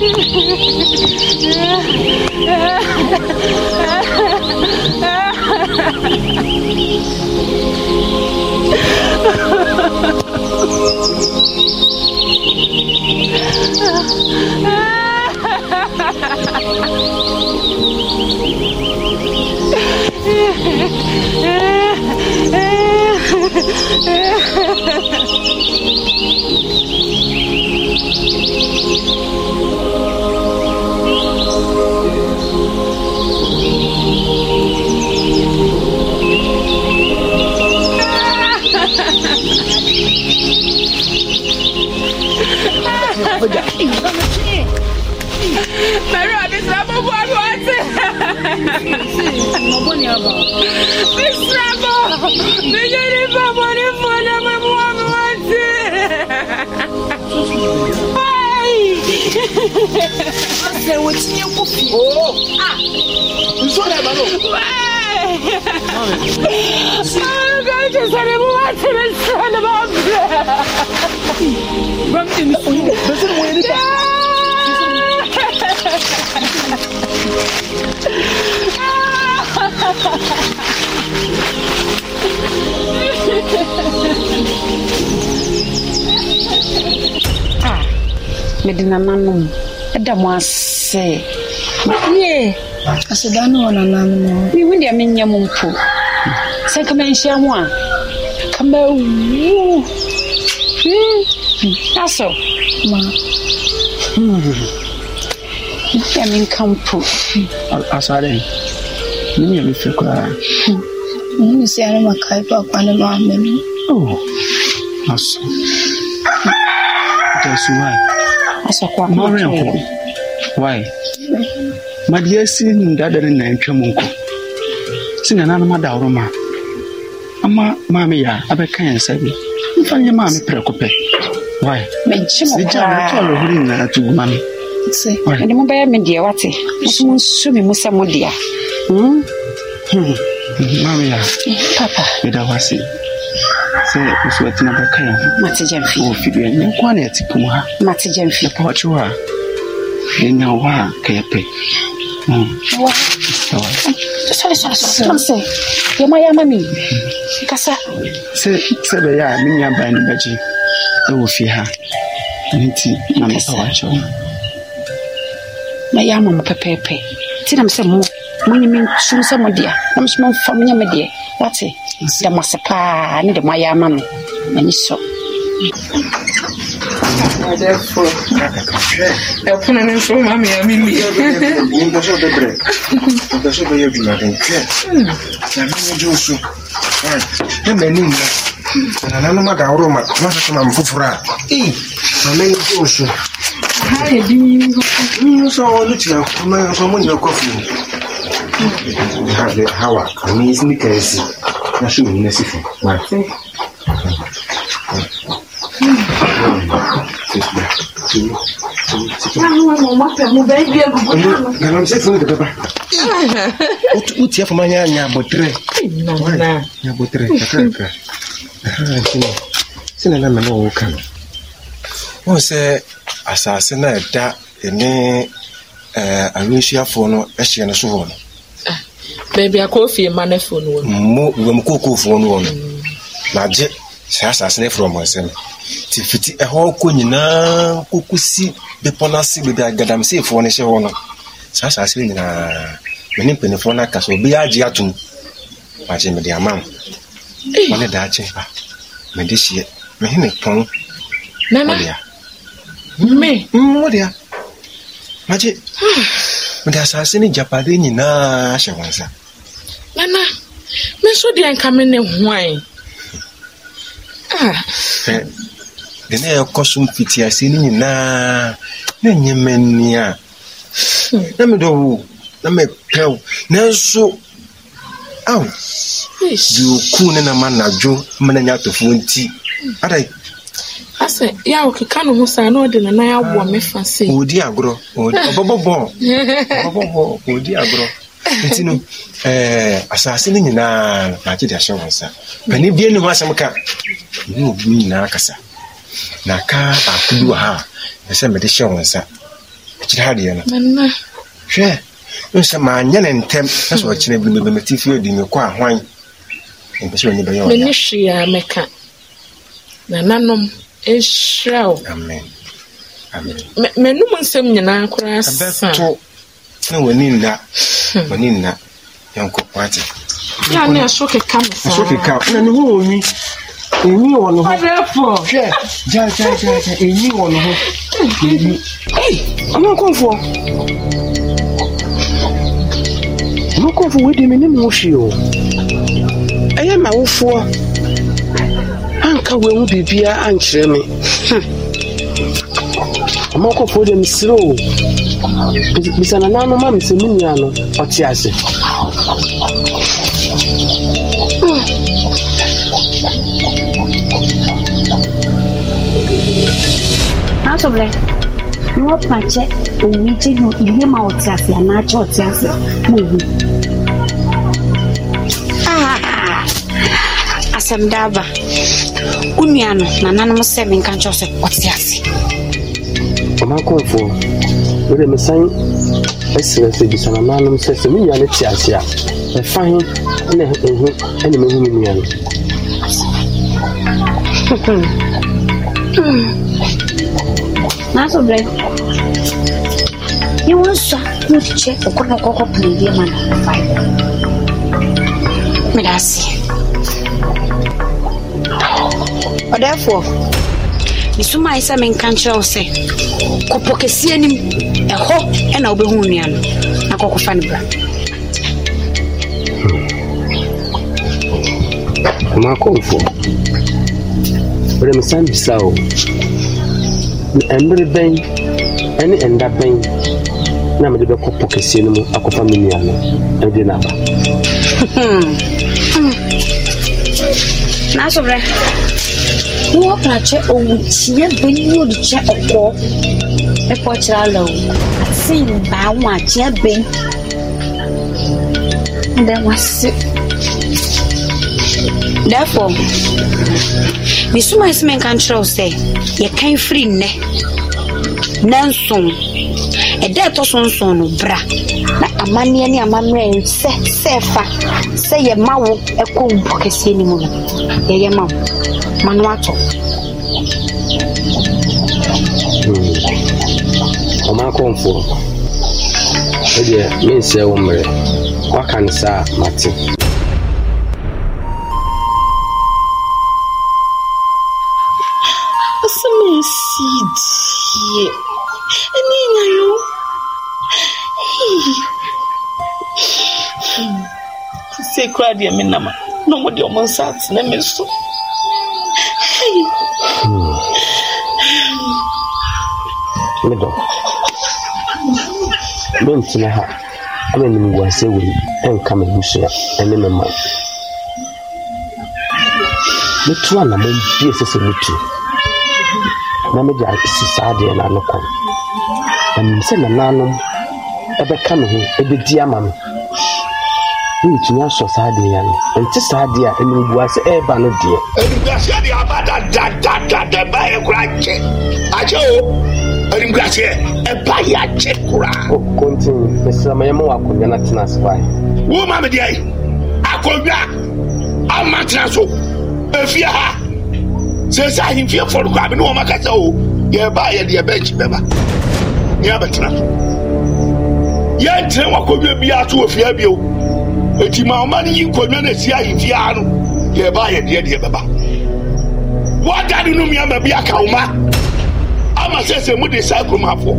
Yeah. Mary Adesina gbogbo ọdún ọtí. Mọ̀bọ́ ni ọba. Bí sábà bí yẹ́nì bàbá ní fọdà máa mú ọmọ wá sí. Ọ̀sẹ̀ wo ti yẹ kó fi. Oo, oh. ah! nsọ́ ni ẹ̀bá lò. Ọ̀gá ìjọsìn ni mo wá sí mi sọ́ọ́ ni mo bẹ̀rẹ̀. Bambi ni oyin na bẹsẹ mo yẹ nípa. mede nananom ɛda mo ase ye aseda ne wɔ nananom mehu deɛ menyɛ mo mpo sɛ nka manhyia mo a ka bi asɔ ma hmm. nfɛ mi nka mpo. asare ne mi yɛ mi fɛ koraa. mo n sɛ ɛna ma ka ipa oh. kwa ne ma mɛ mi. asɔ jɛsu wa. asɔ kwa kuma kɛlɛ. mɔri nkɔ wa ye madiɛ si ndada ne na twɛ mu nkɔ si nana anuma dawuro ma ama maame ya abɛka yɛn nsa bi nfa nye maame pɛrɛ ko pɛ. Why? Menche mo kura. Sija mo tolo huri na atuguma mi. Se. Ndi mo baya mi dia wate. Musu musu mi musa mo dia. Hmm. Hmm. Mami ya. Eh, papa. Beda wase. sɛ osuatena bɛka yɛ hoɔfidua nyanko a na yɛte pom ha ɛpa wɔkye hɔ a yɛnya wɔ a ka yɛpɛ sɛ bɛyɛ a me nuaban no bɛgye wɔ fie ha ɛno nti me mepɛ wakyɛw mɛyɛ ama mo pɛpɛɛpɛ nti nam sɛ mo monyɛ mensum sɛ mo dea na mesoma mfa monyɛ me deɛ wate da mo ase paa ne de mo ayɛ ama me m'ani sɔ Adefo. Ɛpono no nso ma mea mimi. Mpɛ sɛ wodɛbrɛ. Mpɛ sɛ wobɛyɛ adwumaden. Hwɛ nananom adaworo ma na sɛ mam foforɔ a mamani gye wo so sɛ ɔno kyira koma sɛ ɔmo nyina kɔ fie hawa ame ne ka asi na sɛ ɔnyina si fi Ganam sɛ funu de bɛba. Wotia fama nyɛ nyabotrɛ. Nyabotrɛ kakrakra. sị na mene wo ka no sɛ asase na ɛda ɛne awensuafoɔ no ɛhyeɛ no so hɔ no baabi akɔɔfie ma no afoɔ no wɔ mo wam kookoofoɔ no wɔ no nagye saa asase na afiri ɔmɔ nsɛm Ti fiti ɛhɔ kɔ nyinaa kɔkɔsi bepɔ no hyɛ hɔ no asase ama ɔne daakye ba mede hyeɛ mehene pɔn mɛmadea me modea magye mede asase ne gyapade nyinaa hyɛ wo nsa nana me nso deɛ nka me ne hoae de na ɛkɔ so mfitiase no nyinaa na ɛnyɛ m'ani a na medɔ wo na mɛpɛ wo nanso aw dị ukwuu ne a na mana ne nan ya mɛfa se ɔdi agorɔ ɔbɛbɔ bɔɔl ɔbɛbɔ asase nyinaa de ahyɛ nsa ne ho asɛm ka obi nyinaa na aka baako bi wɔ ha a ɛsɛ mɛde hyɛ wɔn nsa akyire ha deɛ no hwɛ ne ntɛm na sɛ ɔkyerɛ bi mɛbɛmɛti fie di mpɛ sɛ ɔni bɛyɛ mene hwee a mɛka nananom ɛnhyira wo manom nsɛm nyinaa koraa sato na w'ani nna hmm. w'ani nna yɛnkɔ wate yà ni keka mi saa keka na ne ho wɔ nwi wɔ ne ho ɔdɛ fo hwɛ gya gya gya gya enyi wɔ ne ho enyi ɛyi ɔmo nkɔmfoɔ ɔmo nkɔmfoɔ wo di mi ne mu hwi o ɛyɛ ma wofoɔ anka wɔn mu biribiara ankyerɛ me ɔmo hm. akɔfoɔ deɛ mesere o bisa nana no ma me sɛ me nua no ɔte ase Asọ̀rọ̀ ni wọ́n pàṣẹ òun jẹ́ ìwé máa ọ̀tí àti àná àjọ ọ̀tí àti asɛm da aba wo nua no nananom sɛ menka nkyɛw sɛ ɔte ase ɔma wode mesan ɛsrɛ sɛ bisa nananom sɛ sɛ me nua no te ase a ɛfa he na ɛho ɛne mahu me nua no nanso berɛ yɛwɔ nsua ne kyɛ ɔkɔ ne ɔkɔkɔ ma no ɔdɛfoɔ mesoma ayɛ sɛ menka nkyerɛ wo sɛ kɔpɔ kɛseɛ nim ɛhɔ ɛna wobɛhu nnua no na kɔkɔfa no bra hmm. makɔmfoɔ wode mesan bisa o mmere bɛn ɛne ɛnda bɛn na mede bɛkɔ pɔ kɛseɛ no mu akɔfa me nua no na mede no aba hmm. hmm. naso ní ọ̀tún àkyɛ owu kyia benyin ní òde kyɛ ɔkɔ ɛkɔ kyerɛ alɛ o asin baa wọn akyia ben ɛdɛ wọn ase dɛfɔ mesoma esi mi nka nkyerɛw sɛ yɛkan firi nnɛ nanson ɛda ɛtɔ so nson no bra na amanneɛ ne amammerɛ sɛ sɛ ɛfa sɛ yɛ ma wo ɛkɔ ni mu no mmanụ atọ ɔmaakɔmfoɔ ɛdeɛ mensɛ wo mmerɛ woaka saa mate deɛ a na ɔmode hmm. ɔmo middo bɛntina ha ama nimguasɛ wei ɛnka me busua ɛne me ma metu anammɔn bie sɛ sɛ metu na mede asi saa deɛ na ano na menim sɛ nananom ɛbɛka me ho ɛbɛdi ama me ntumi asɔ saa deɛ ya no nti saa deɛ a animguase ɛreba no deɛ deɛ akyɛ o ɔnim graseɛ ɛba yɛ agye koraa kɔntin mesrɛ ma yɛma wɔ akonnwa no tena ase bae wo ma medeɛ ai akonnwa ama tena so ɛfie ha sɛ sɛ ahemfie fɔre koraa me ne wɔma kasa o yɛba yɛde yɛbɛnkyi bɛba ne abɛtena so yɛntene wakonnwa biaa so wɔ fie bio enti ma ɔma no yi nkonnwa no asi ahemfie ha no yɛba yɛdeɛdeɛ bɛba woada no no mmiama bi aka wo ma na sese mu de saa kurumafoɔ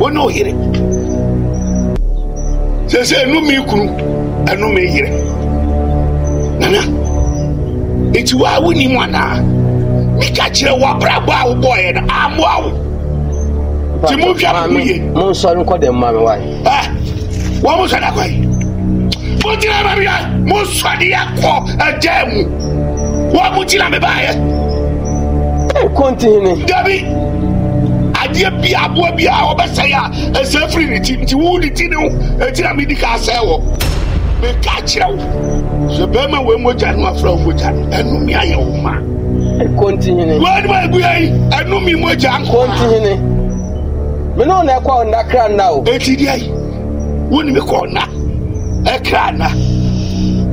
wɔn n'o yere sese enum yi kuru enum yi yere nana eti wa awo ni mu anaa mi ka kyerɛ wa abira bɔ awo bɔ yɛ no amu awo ti mu hwɛ mu yie. mo nsɔre nkɔ dɛm maame wa. ɛ wɔn mo sɔre akɔ yi mo gyina baabi a mo sɔre akɔ ɛgya mu wɔn mo gyina mi ba yɛ kɔntini. dabi adeɛ bi aboa bi a ɔbɛsɛe a ɛsɛ firi ne ti nti wo ne ti ne wo ɛti na medi ka asɛe wɔ meka kyerɛ wo sɛ bɛrima wei mogya no afrɛ wo mogya no ɛnome ayɛ wo ma wanima agua yi ɛnome mogya nkɔntini mene wo na ɛkɔ ɔnna kra nna o ɛti deɛ yi wonimi kɔ ɔnna ɛkra nna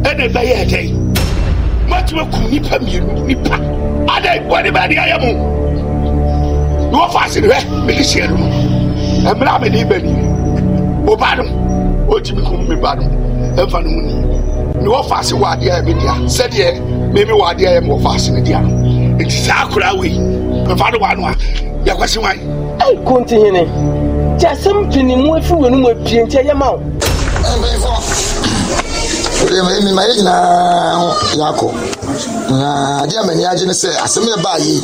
ɛna ɛbɛyɛ ɛdɛn matuma kun nipa mienu nipa ada bɔne bɛ de ayɛ mo na wɔfa ase ne hɛ mede hyɛ no mu ɛmmerɛ o mede ba ni oba no ɔtumi kum me ba no ɛmfa no mu ni na wɔfa ase wɔ adeɛ a medi a sɛdeɛ meme wɔ adeɛ a yɛ wɔfa ase ne dea no nti saa koraa wei mɛfa no wa no a yɛkwasi wan ɛkonti hene kyɛ asɛm twe ne mu afiri wɔ no mu apie nkyɛ yɛma wo emi ma yɛ nyinaa yakɔ na adeɛ ama ni agye ne sɛ asɛm yɛ baa yi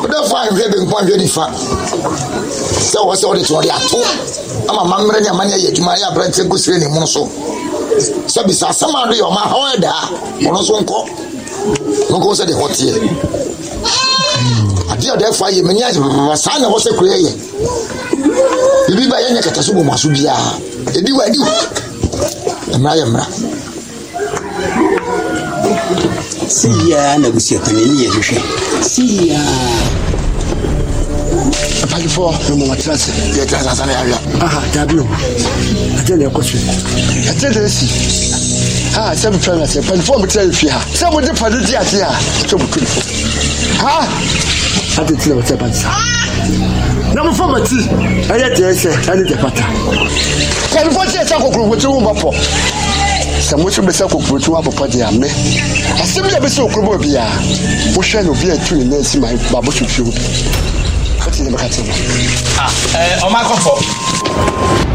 wodafo ahwehwɛ benkum ahwɛ nifa sɛ wɔ sɛ wode te wɔde ato ama mammerɛ ne amane ayɛ adwuma yɛ aberɛnteɛ gu ne mu no so sɛ bisa asɛm a do yɛ ɔma haw ɛdaa ɔno nso nkɔ nonkɔ sɛ deɛ hɔteɛ adeɛ ɔda fa yɛ m'ani agye papapa saa na ɛwɔ sɛ kura yɛ biribi ba yɛnyɛ kata so bɔ mu aso biara ɛdi wa adi wo mmara yɛ mmara siya na gusi panini ya hwehwɛ siya apagyefo ne mɔmɔ tena se yɛtena sasa ne yɛawea aha daabio agye ne ɛkɔ so ɛkyerɛ dɛ si a sɛ mepɛ no sɛ panifoɔ motena yɛfie ha sɛ mode pano di ade a ɛtwɛ mo tumfo ha ade tina wɔsɛ bansa na mofa mati ɛyɛ deɛ sɛ ɛne deɛ pata panifoɔ teɛ sɛ kokorowɔkyerɛ wo mbapɔ sɛ mo nso bɛ sɛ kokoro tu apɔpɔ de amɛ asɛm yɛ bɛ sɛ okurobɔ biara wohwɛ no obi atu ne nan si ma babo so fie wo bi wote ne bɛka te mo kɔfɔ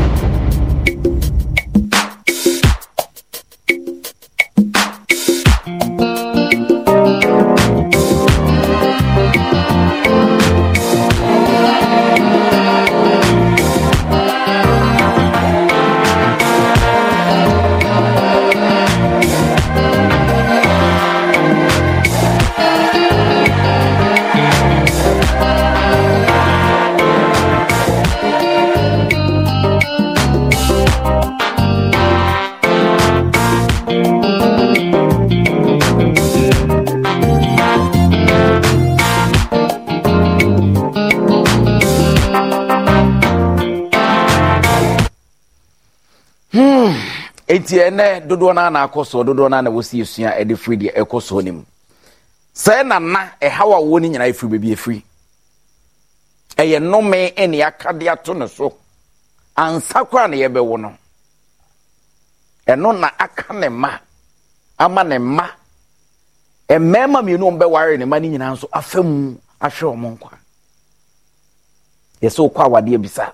nti ɛnɛ dodoɔ no na akɔ soɔ dodoɔ no na wɔsi esua ɛde firi deɛ ɛkɔ soɔ no mu sɛ na ɛhaw a wɔwɔ no nyinaa efiri baabi efiri ɛyɛ nnome ɛne akade ato ne so ansa koraa na yɛbɛwo no ɛno na aka ne mma ama ne mma mmarima mmienu a wɔbɛware ne mma no nyinaa nso afa mu ahwɛ wɔn nkwa yɛsɛ okɔ awadeɛ bisa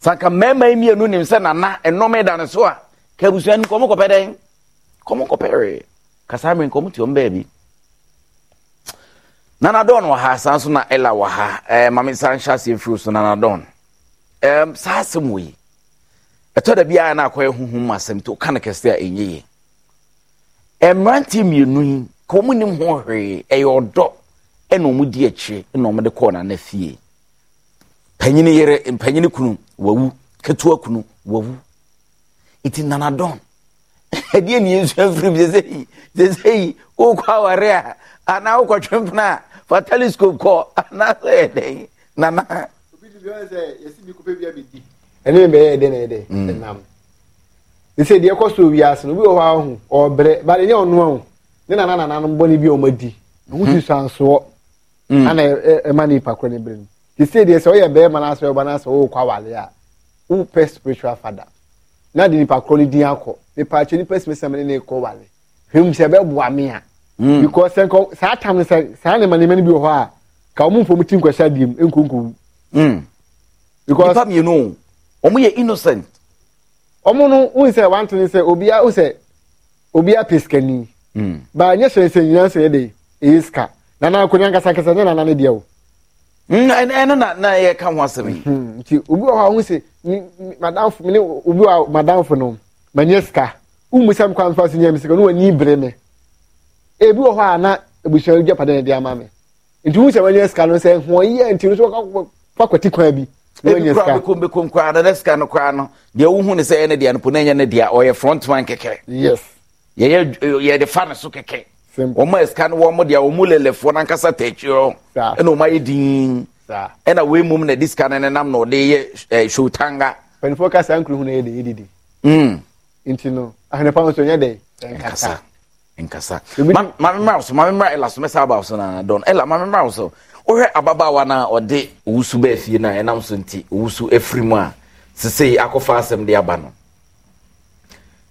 sanka mmarima mmienu nim sɛ nana ɛnome da ne so a ka abusua no nkɔmɔ kɔpɛ dɛn kɔmɔ kɔpɛre kasa mmiri nkɔmɔ tiwɔ mbɛɛ bi nana dɔn wɔ ha san so na ɛla wɔ ha ɛɛ eh, maame san hyɛ aseɛ firi so nana dɔn ɛɛm eh, saa asɛm wɔ yi ɛtɔ da biara na akɔyɛ huhum asɛm to kan kɛse a ɛnyɛ yɛ eh, mmeranteɛ mmienu yi ka wɔn nim ho hwee ɛyɛ ɔdɔ ɛna wɔn di akyire ɛna wɔn de kɔɔ nana fie panyin yere panyin kunu wawu ketewa kunu wawu iti nanadɔn ɛdeɛ ne yɛsua firi bi sɛsɛyi sɛsɛyi wokɔ aware a anaa wokɔtwe mpena a fa telescope kɔ anaa sɛ yɛ dɛn nana ɛne bɛyɛ ɛdɛ na ɛdɛ mm. ɛnam sɛ deɛ ɛkɔ so wiase no obi wɔ hɔ ahu ɔbrɛ bade nyɛ ɔnoa ho ne nana nana no bɔne bi a ɔma di ɛho mm-hmm. si sansoɔ mm. ana ɛma nipa korɔ ne berɛ no te sɛ deɛ sɛ woyɛ bɛrima no asɛ ɔba no asɛ wowokɔ awale a wopɛ spiritual father na de nipa korɔ ne din akɔ nipa atwa nipa si mesɛm ne ne oh. kɔ wale hwɛm sɛ ɛbɛboa me a. because sɛ nkɔ saa tam no sɛ saa ne ma ne ma no bi wɔ hɔ a ka wɔn mfɔm ti nkɔhyɛ adiɛm nkonko because nipa mmienu wɔn yɛ innocent. wɔn no n sɛ wanto ne sɛ obia n sɛ obia pe sikani. baa nyɛ hyɛn sɛ nyinaa sɛ yɛ de eyi sika nana akonnwa nkasa nkasa ne nana ne deɛ o ɛno na na yɛ ka ho asɛm yi. Hmm, nti obi wɔ hɔ a ɔmo sɛ madamfo ne obi wɔ madamfo no manyɛ sika umu sɛ mkwa mfa so nyɛ mi sika no wani bere mi ebi wɔ hɔ a na ebusua no gyapade na de ama mi nti umu sɛ wanyɛ sika no sɛ hɔn yɛ nti no so wakɔ akɔti kwan bi ebi kura bekom bekom kura na ne sika no kura no deɛ wohu ne sɛ ɛyɛ deɛ no po na ɛnyɛ ne deɛ ɔyɛ front man kɛkɛ. yes yɛyɛ yɛde fa ne so kɛkɛ wɔn a ɛsika no wɔn deɛ wɔn lɛlɛfoɔ nankasa tɛkyerɛ ɛna wɔn ayɛ diin ɛna wɔn emu na ɛde sika no nenam na ɔde yɛ ɛɛ shotanga. panyinfoɔ kasa nkuru hu na yɛ de yɛ didi. Hmm. nti no ahenefa nso nyɛ de nkasa nkasa maame mmaa so maame mmaa ɛla so mɛsa aba so na dɔn ɛla maame mmaa ababaawa na ɔde owusu bɛɛ fie na ɛnam so nti owusu efiri mu a sese akɔfa asɛm de aba no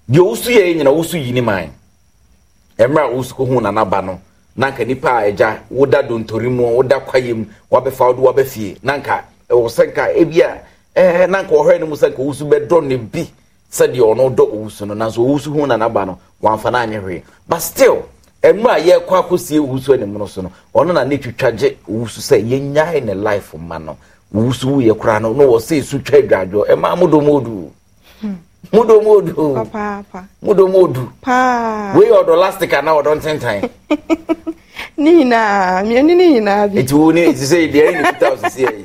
deɛ owusu yɛ nyina owusu yi ne man. mmerɛ a wosuko ho nanaba no na nka nipa a agya woda dontori mu woda kwaye mu wabɛfa wode wabɛfie na nka ɛwɔ sɛ nka ebi ɛɛ na nka ɔhwɛ no mu sɛ nka owusu bɛdɔ ne bi sɛdeɛ ɔno dɔ owusu no nanso owusu ho nanaba no wɔamfa no anyɛ hwee but still a akɔsie owusu anim no so no ɔno na ne twitwa gye owusu sɛ yɛnyae ne life ma no owusu wuyɛ koraa no na wɔ sɛ esu twa ɛmaa mudo mudo papaapa mudo mudu paa wei ɔdɔ lastic anaa ɔdɔ ntentan ne nyinaa mmienu ne nyinaa bi eti wo ne eti sɛ deɛ ɛyɛ ne kuta ɔsisi yɛ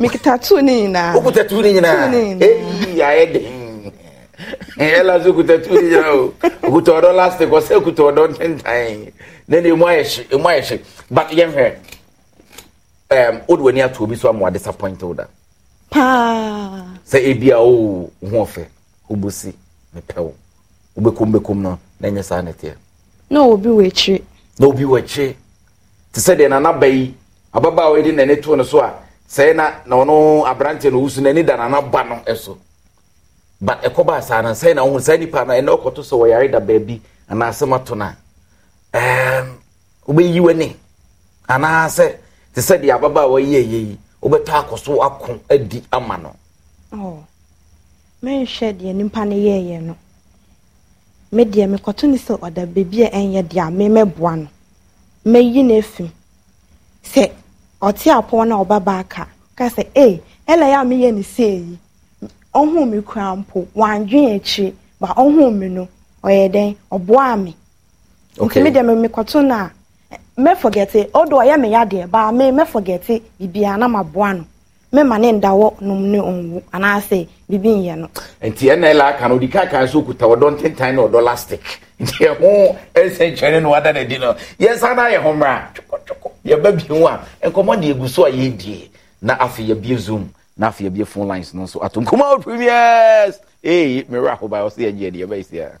mekita tu ne nyinaa okuta tu ne nyinaa eyi ayɛ den ɛyɛ laso kuta tu ne nyinaa o okuta ɔdɔ lastic ɔsɛ okuta ɔdɔ ntentan ne ne emu ayɛ hye emu ayɛ hye but yɛn hwɛ ɛɛm o de wani ato obi so amu a disappoint o da. paa sɛ ebi a wo ho ɔfɛ wobosi mepɛ wo wobɛkom bɛkom no na ɛnyɛ saa neteɛ na obi wɔ akyire na obi wɔ akyire te sɛ deɛ nanaba yi ababaawa yi de n'ani too no so a sɛɛ na na ɔno aberanteɛ na owusu n'ani da nanaba no Ba but ɛkɔbaa saa no sɛɛ na wohu saa nipa no ɛnɛ ɔkɔto sɛ wɔyare da baabi anaa asɛm ato no a wobɛyi w'ani anaasɛ te sɛ deɛ ababaawa yi ɛyɛ yi wobɛtɔ akɔ ako adi ama no menhwɛ deɛ nipa no yɛɛyɛ no me deɛ mekɔto ne sɛ ɔda baabi a ɛnyɛ deɛ a memɛboa no mɛyi no afim sɛ ɔte apɔw no a ɔbabaa ka ka sɛ e ɛla yɛ a meyɛ ne sɛyi ɔhuu me kura mpo wandwen akyire ba ɔhuu me no ɔyɛ dɛn ɔboaa me nti me deɛ mekɔto no a me forgete odo ya me yade ba me me forgete bibia na maboa no me ma ne ndawo num ne onwu ana ase bibi nye no enti ene la kan odi ka kan so kuta odo ntentan na odo elastic nti e ho ese chere no ada na di no yes ana ye ho mra chukoko ye ba bi ho a enkomo de eguso a ye die na afi ye bi zoom na afi ye bi phone lines no so atom kuma premiers eh me ra ho ba o se ye die ye ba isia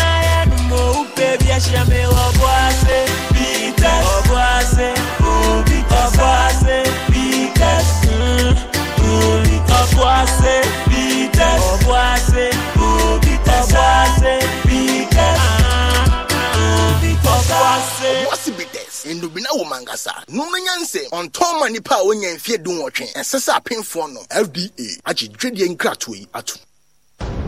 Ashabe Obuase, Bikas Obuase, Obuase, Bikas Obuase, Bikas Obuase, Obuase, Bikas Obuase. What's it? ndobina wɔ mangasa nomenya nsɛm ɔntɔn ma nipa a wonya mfeɛ dunwɔtwe ɛsɛ sɛ apemfoɔ no fda agye dwedeɛ nkratoɔ yi ato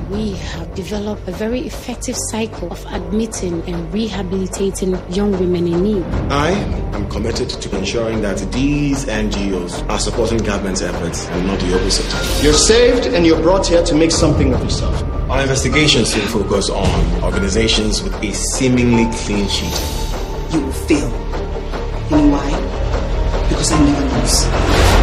We have developed a very effective cycle of admitting and rehabilitating young women in need. I am committed to ensuring that these NGOs are supporting government's efforts and not the opposite. You're saved and you're brought here to make something of yourself. Our investigations will focus on organizations with a seemingly clean sheet. You will fail. You know why? Because I never lose.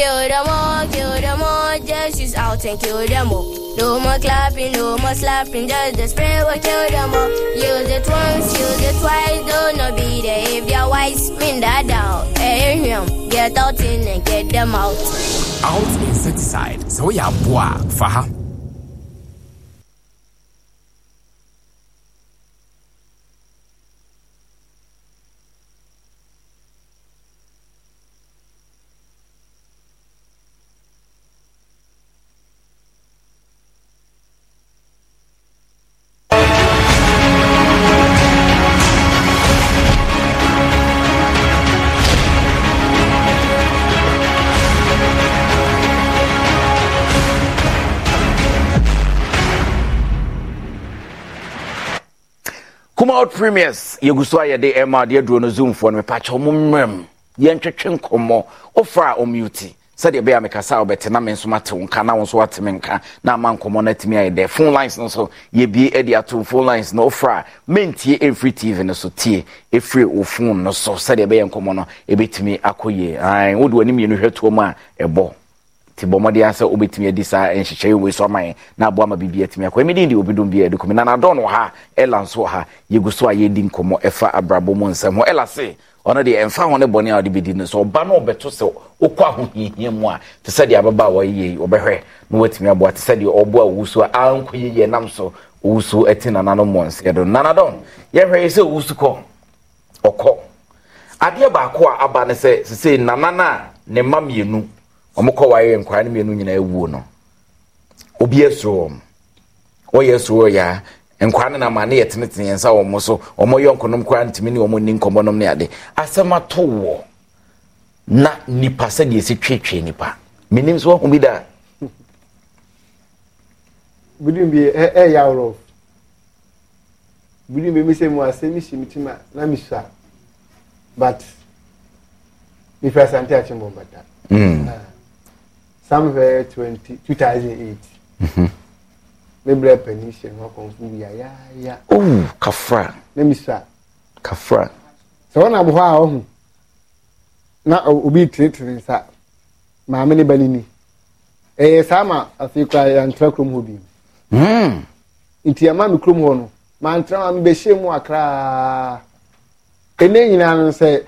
Kill them all, kill them all, just she's out and kill them all. No more clapping, no more slapping, just the spray will kill them all. Use it once, use it twice, do not be there if you're wise. Mean that down, air him, get out in and get them out. Out side, so yeah, are for her. world premiers yɛgu so ayɛde ɛma adeɛ duro no zoomfoɔ no mepakyɛ ɔmo mmerɛm yɛntwetwe nkɔmmɔ wofra a ɔmuti sɛdeɛ ɛbɛyɛ a mekasa a wobɛte na me nso mate wo nka na wo nso wate nka na ama nkɔmmɔ no atumi ayɛ dɛ phone lines no so yɛbie ade atom phone lines no wofra a mentie ɛmfiri tv no so tie ɛfiri wo phone no so sɛdeɛ ɛbɛyɛ nkɔmmɔ no ɛbɛtumi akɔ yie wode w'animyɛno hwɛ toɔ mu a ɛbɔ ti bɔ mmɔden asɛ wobɛtumi adi saa nhyehyɛe wei so ama na aboa ma biribi atumi akɔ ɛmedin de obidom bia adukumi na nadɔ no ha ɛla nso ha yɛgu so a yɛdi nkɔmmɔ ɛfa abrabɔ mu nsɛm ho ɛla se ɔno deɛ ɛmfa ho ne bɔne a wɔde bɛdi no sɛ ɔba no ɔbɛto sɛ wokɔ ahohiahia mu a te sɛ deɛ ababa a wɔyɛ yei wɔbɛhwɛ na woatumi aboa te sɛ deɛ ɔboa wowu so a ankɔ yɛyɛ nam so wowu so ati nananom wɔ nseɛ do nanadɔn yɛhwɛ yɛ sɛ wowu kɔ ɔkɔ adeɛ baako a aba ne sɛ sesei nanana ne mma mmienu wɔn kɔ wɔayɛ nkwadaa no mmienu nyinaa ewuo no obi esoro wɔn wɔyɛ esoro yɛ a nkwadaa no nam a yɛ tenetene nsa wɔn so wɔn yɛ nkɔnom koraa ntumi ne wɔn ni nkɔmɔ nom ne ade asɛm ato wɔ na nipa sɛdeɛ esi twetwe nipa menim so ɔhun bi da. bidim bi ɛ ɛ yà awurɔ bidim bi mi sɛ mu asɛ mi si mi ti ma na mi sa but mi fɛ asante akyɛ mbɔ mbata. Hmm. Ah sam fɛ twenty two thousand eight. ne brɛ panin hyɛ no ya ya ayaaya. owu oh, kafra. Let me sa. kafra. So when abɔ hɔ a ɔho na obi tenetene nsa maame ne ba ne ni ɛyɛ saa ma afei kora yɛantra kurom hɔ bi. Hmm. nti ama mi kurom hɔ no mantra ma mi bɛhyɛ mu akraa ɛnɛ nyinaa no sɛ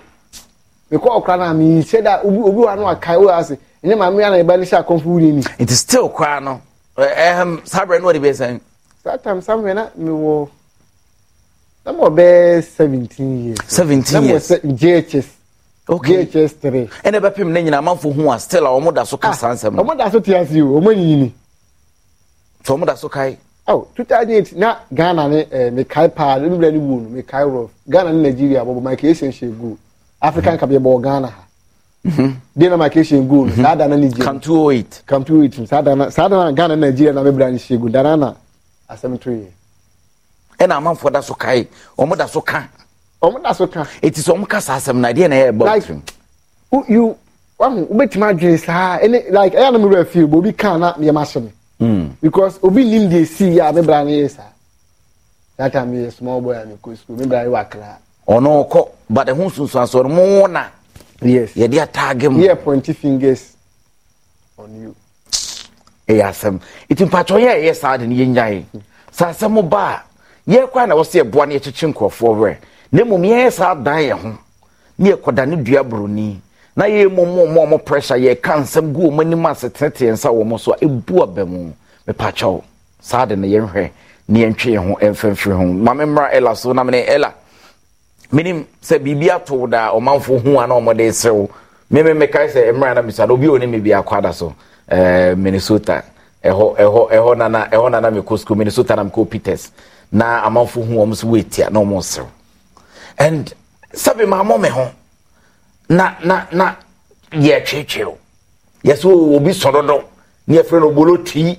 mekɔ ɔkora no a meyihyɛ da obi wa no akae wo ase ne maame ana ɛba ne sɛ akɔmfo wure ni nti still koraa no ɛhɛm saa berɛ no wɔde bɛɛ sɛn saa time samuel na mewɔ na mewɔ bɛɛ seventeen years seventeen years na mewɔ jhs okay jhs three ɛna ɛbɛpem ne nyinaa amanfo hu a still a wɔn da so ka ah, saa nsɛm no wɔn da so te ase o wɔn so wɔn so kae aw two thousand eight na ghana ne ɛɛ eh, mekai paa ne bi bila ne wuo no mekai rɔf ghana ne nigeria bɔbɔ michael esense gu african mhm. kabea bɔ ghana Mhm. dey na migration goal mhm. saa nigeria come to it come saa nigeria na bebra nhyɛ gu dana na asɛm to yɛ na man foda so kae wɔn da so ka wɔn da so ka eti sɛ wɔn ka sa asem na adeɛ na like you wahu wobɛtumi adwene saa ɛne like ɛyɛ anam wura fie obi ka na yɛ ma mm. because obi nim dey see ya a bebra no yɛ that time small boy and mi school bebra yɛ wɔ akra ɔno but ɛho sunsun yes yɛde ataage mu yɛ pointy fingers on you ɛyɛ asɛm eti mpatwa yɛ ɛyɛ saa de no yɛ nyae asɛm ba a yɛ kwan na wɔsɛ ɛboa no yɛkyekye nkurɔfoɔ wɛ na mmom yɛyɛ saa dan yɛ ho na yɛkɔda ne dua buroni na yɛyɛ mmom ɔmo pressure yɛka nsɛm gu wɔn anim ase tenetene nsa wɔ mo so a ebu aba mu mepatwa o saa de no yɛnhwɛ ne yɛntwe yɛn ho ɛmfɛmfiri ho maame mmra ɛla so na mene ɛla menim sɛ biribi ato da ɔmanfo ho a na ɔmɔde serew meme mekae sɛ mmerɛ na mesane obi ɔne me bi akwada so eh, minnesota ɛhɔ ɛhɔ ɛhɔ nana ɛhɔ nana mekɔ school minnesota na mekɔ peters na amanfo ho ɔmo so wɔatia na ɔmo serew and sɛbe maamɔ me ho na na na yɛtwetwew yɛ sɛ obi sɔdodo ne yɛfrɛ no obolo twi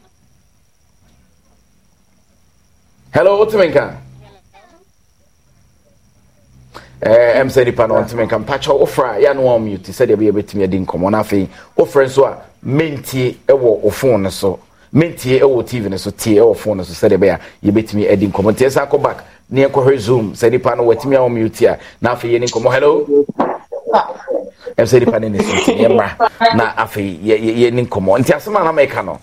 hello wotimenka ɛm eh, sɛ nipa no ɔntimenka mpakyɛ wofrɛ a yɛ ne wammute sɛdeɛ bɛyɛ bɛtumi adi nkɔmmɔ no afei wofrɛ nso a mentie wɔ ɔfon no so mentie wɔ tv no so tie wɔ fon no so sɛdeɛ bɛyɛ a yɛbɛtumi adi nkɔmmɔ nti ɛsan kɔ back ne yɛnkɔhwɛ zoom sɛ nipa no watumi a wɔmmute a na afei yɛni nkɔmmɔ hello ɛm sɛ nipa no ne sɛ yɛmmra na afei yɛni nkɔmmɔ nti asɛm a na mɛka no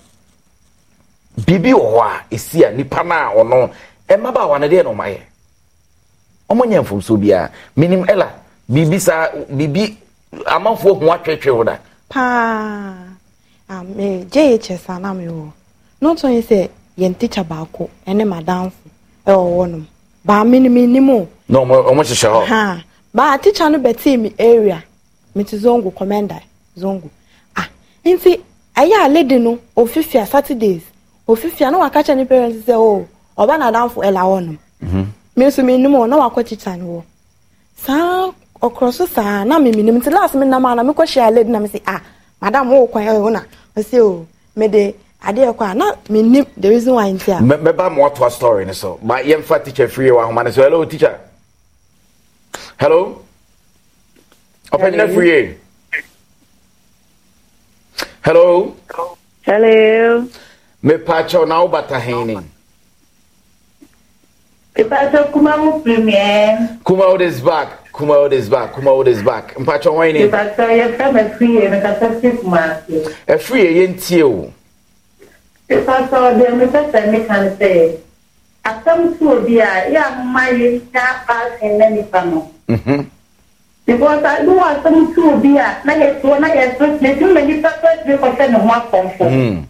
biribi wɔ hɔ a ɛsi a nipa e, no a ɔno mmabaawa no deɛ na ɔmayɛ ɔmo nyɛ mfomso biara menim ɛla biribi saa biribi amanfoɔ ho atwetwe wo da paa ame jhs ana mewɔ na ɔtɔ yi sɛ yɛn tikya baako ɛne madamfo ɛwɔ hɔ nom baa me ne menim o na ɔmo hyehyɛ hɔ baa tikya no bɛtee me area mete zongo commander zongo ah nti ɛyɛ a lady no ɔfifi saturdays ofifia na waka kyɛ ne parents sɛ o oh, ɔba n'adamfo ɛla hɔnom mhm. mi nso mi nim wɔ na wakɔ kyekyɛ ne wɔ saa ɔkorɔ so saa na mi mi nim nti last mi nam a na mi kɔ hyɛ alɛ na mi si ah madam wo kwan ɛwɔ na ɔsɛ o mi oh, de adeɛ kɔ a na mi nim the reason why nti a. mɛ bá mu ato story ni so ma yɛn fa teacher free wa ahoma ni so hello teacher hello ɔpɛnyina free hello. hello mepaakyɛw na wobata hen e mhm. ne mepaakyɛw kumawo premier kumawo is back kumawo is back kumawo is back mpaakyɛw hwan ne mepaakyɛw me fiye mekasa fi kumaase ɛfiye yɛntie o mepaakyɛw deɛ mepɛ sɛ meka ne sɛ asɛm to obi a yɛ ama yɛnya paasen na nipa no because I do asɛm to obi a na yɛtoɔ na yɛsere ne tim ma nipa sɛ tiri kɔhyɛ ne ho akɔmfo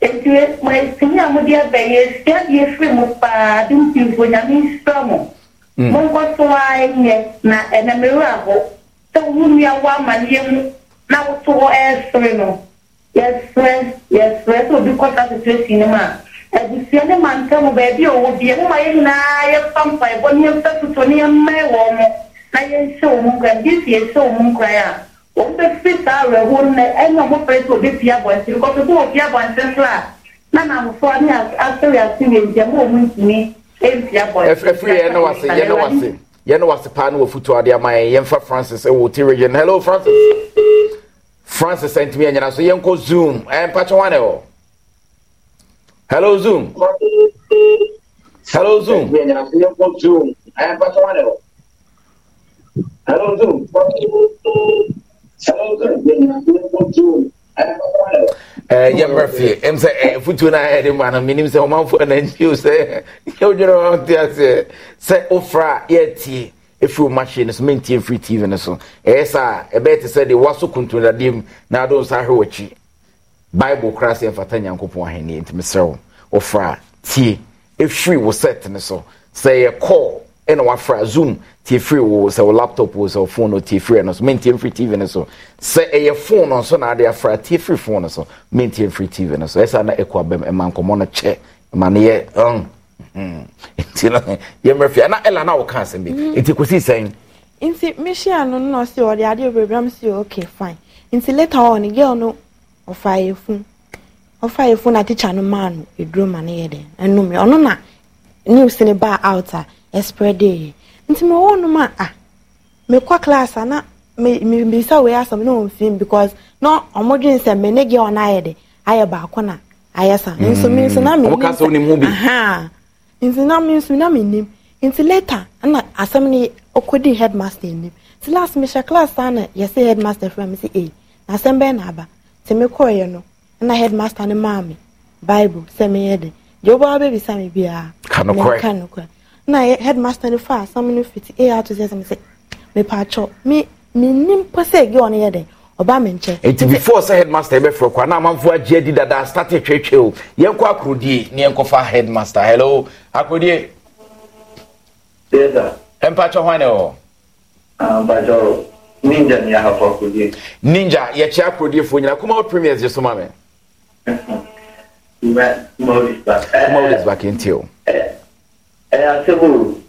E, nti tumi a mode aba yɛ sua deɛ firi mu paa de mpimfo nyame nsra mo monkɔ so a nyɛ e na ɛnamerɛ hɔ sɛ wo nnua wo amanneɛ mu na woto hɔ ɛresere no yɛserɛ yɛserɛ sɛ obi kɔsa situation no mu a abusua ne ma ntam baabi a ɔwɔ bia moma yɛ nyinaa yɛfa mpaebɔ ne yɛmfa toto ne yɛmma wɔ mo na yɛnhyɛ wɔ mu nkora gye si yɛhyɛ wɔ mu nkora a wɔn bɛ fi saa awerɛhoɔ no na ɛna ɔmo pɛrɛ sɛ obi pia abɔnten kɔfɛ sɛ obi abɔnten so a na n'ahofoɔ ne asɛre asɛre nkyɛn mo ɔmo ntumi mpia abɔnten. ɛfiri yɛn na wase yɛn na wase yɛn na wase paa na wɔfutu adeɛ ama yɛn yɛn fa francis ɛwɔ e ti region hello francis francis ɛntumi ɛnyina so yɛn kɔ zoom ɛmpakyɛ wa na ɛwɔ hello zoom hello zoom eh, hello zoom yɛ mmerɛfie ɛm sɛ fotuo no ayɛde ma no menim sɛ ɔmanfo ananio sɛ yɛwodwene ɔte aseɛ sɛ wofra a yɛatie ɛfiri ɔmahye no so mentie eh, mfiri tv no so ɛyɛ saa eh, ɛbɛyɛ te sɛ deɛ woaso kontonadeɛ mu na ado nsa ahwɛ w'akyi bible koraa sɛ eh, ɛmfata nyankopɔn ahenneɛ nti mesrɛ wo wofra a tie ɛfiri wo sɛt no so sɛ call ɛna wafra zoom tie firi wo sɛ wo laptop wo sɛ wo phone no tie firi ɛno so mentie firi tv no so sɛ ɛyɛ phone no so na ade afra tie firi phone no so mentie firi tv no so ɛsa na ɛkɔ abɛm ɛma nkɔmɔ no kyɛ ɛma no yɛ ɔn hmm. nti no yɛmmerɛ fia na ɛla na woka asɛm bi mm. nti kɔsi sɛn nti mehyia no no ɔse ɔde adeɛ bɛbrɛm sɛ okay fine nti later on ne girl no ɔfa yɛ fun ɔfa yɛ fun na teacher no maa no eduro ma no yɛ dɛ ɛnum ɔno na news ne baa out a ɛspread yi nti ma wɔn nom a a ah, kɔ class a na mɛ me bisa wei asɛm na wɔn fim because na ɔmo dwen nsɛm mɛ ne gye ɔno ayɛ de ayɛ baako na ayɛ sa mm. nso mi nso na mi nim sɛ nti na mi nso na mi nim nti later ɛna asɛm ne ɔkɔdi headmaster anim nti last mehyɛ class saa na yɛ yɛsɛ headmaster fira mi sɛ e eh, na asɛm bɛyɛ na aba nti kɔɔ yɛ no na headmaster ne maa mi bible sɛ meyɛ de. deɛ wobɛwa bɛbisa me biaa meka nokorɛ na headmaster no fa asam no fiti ɛ ato sɛ sɛm sɛ mepaakyɛw me mennim pɛ sɛ ɛgɛ ɔno yɛ dɛn ɔba me nkyɛn nti before sɛ headmaster yɛbɛfrɛ kwa na amanfoɔ agye adi dada starte twɛtwɛ o yɛnkɔ akorodie ne yɛnkɔfa headmaster hello akorodie ɛmpakyɛ hwan ne wɔ mpakyɛ ah, ninja ne yɛhafɔ akorodie ninja yɛkyɛ akorodiefoɔ nyina kɔma wo premiers gye so ma me Moses Bakintio. And I said, Oh,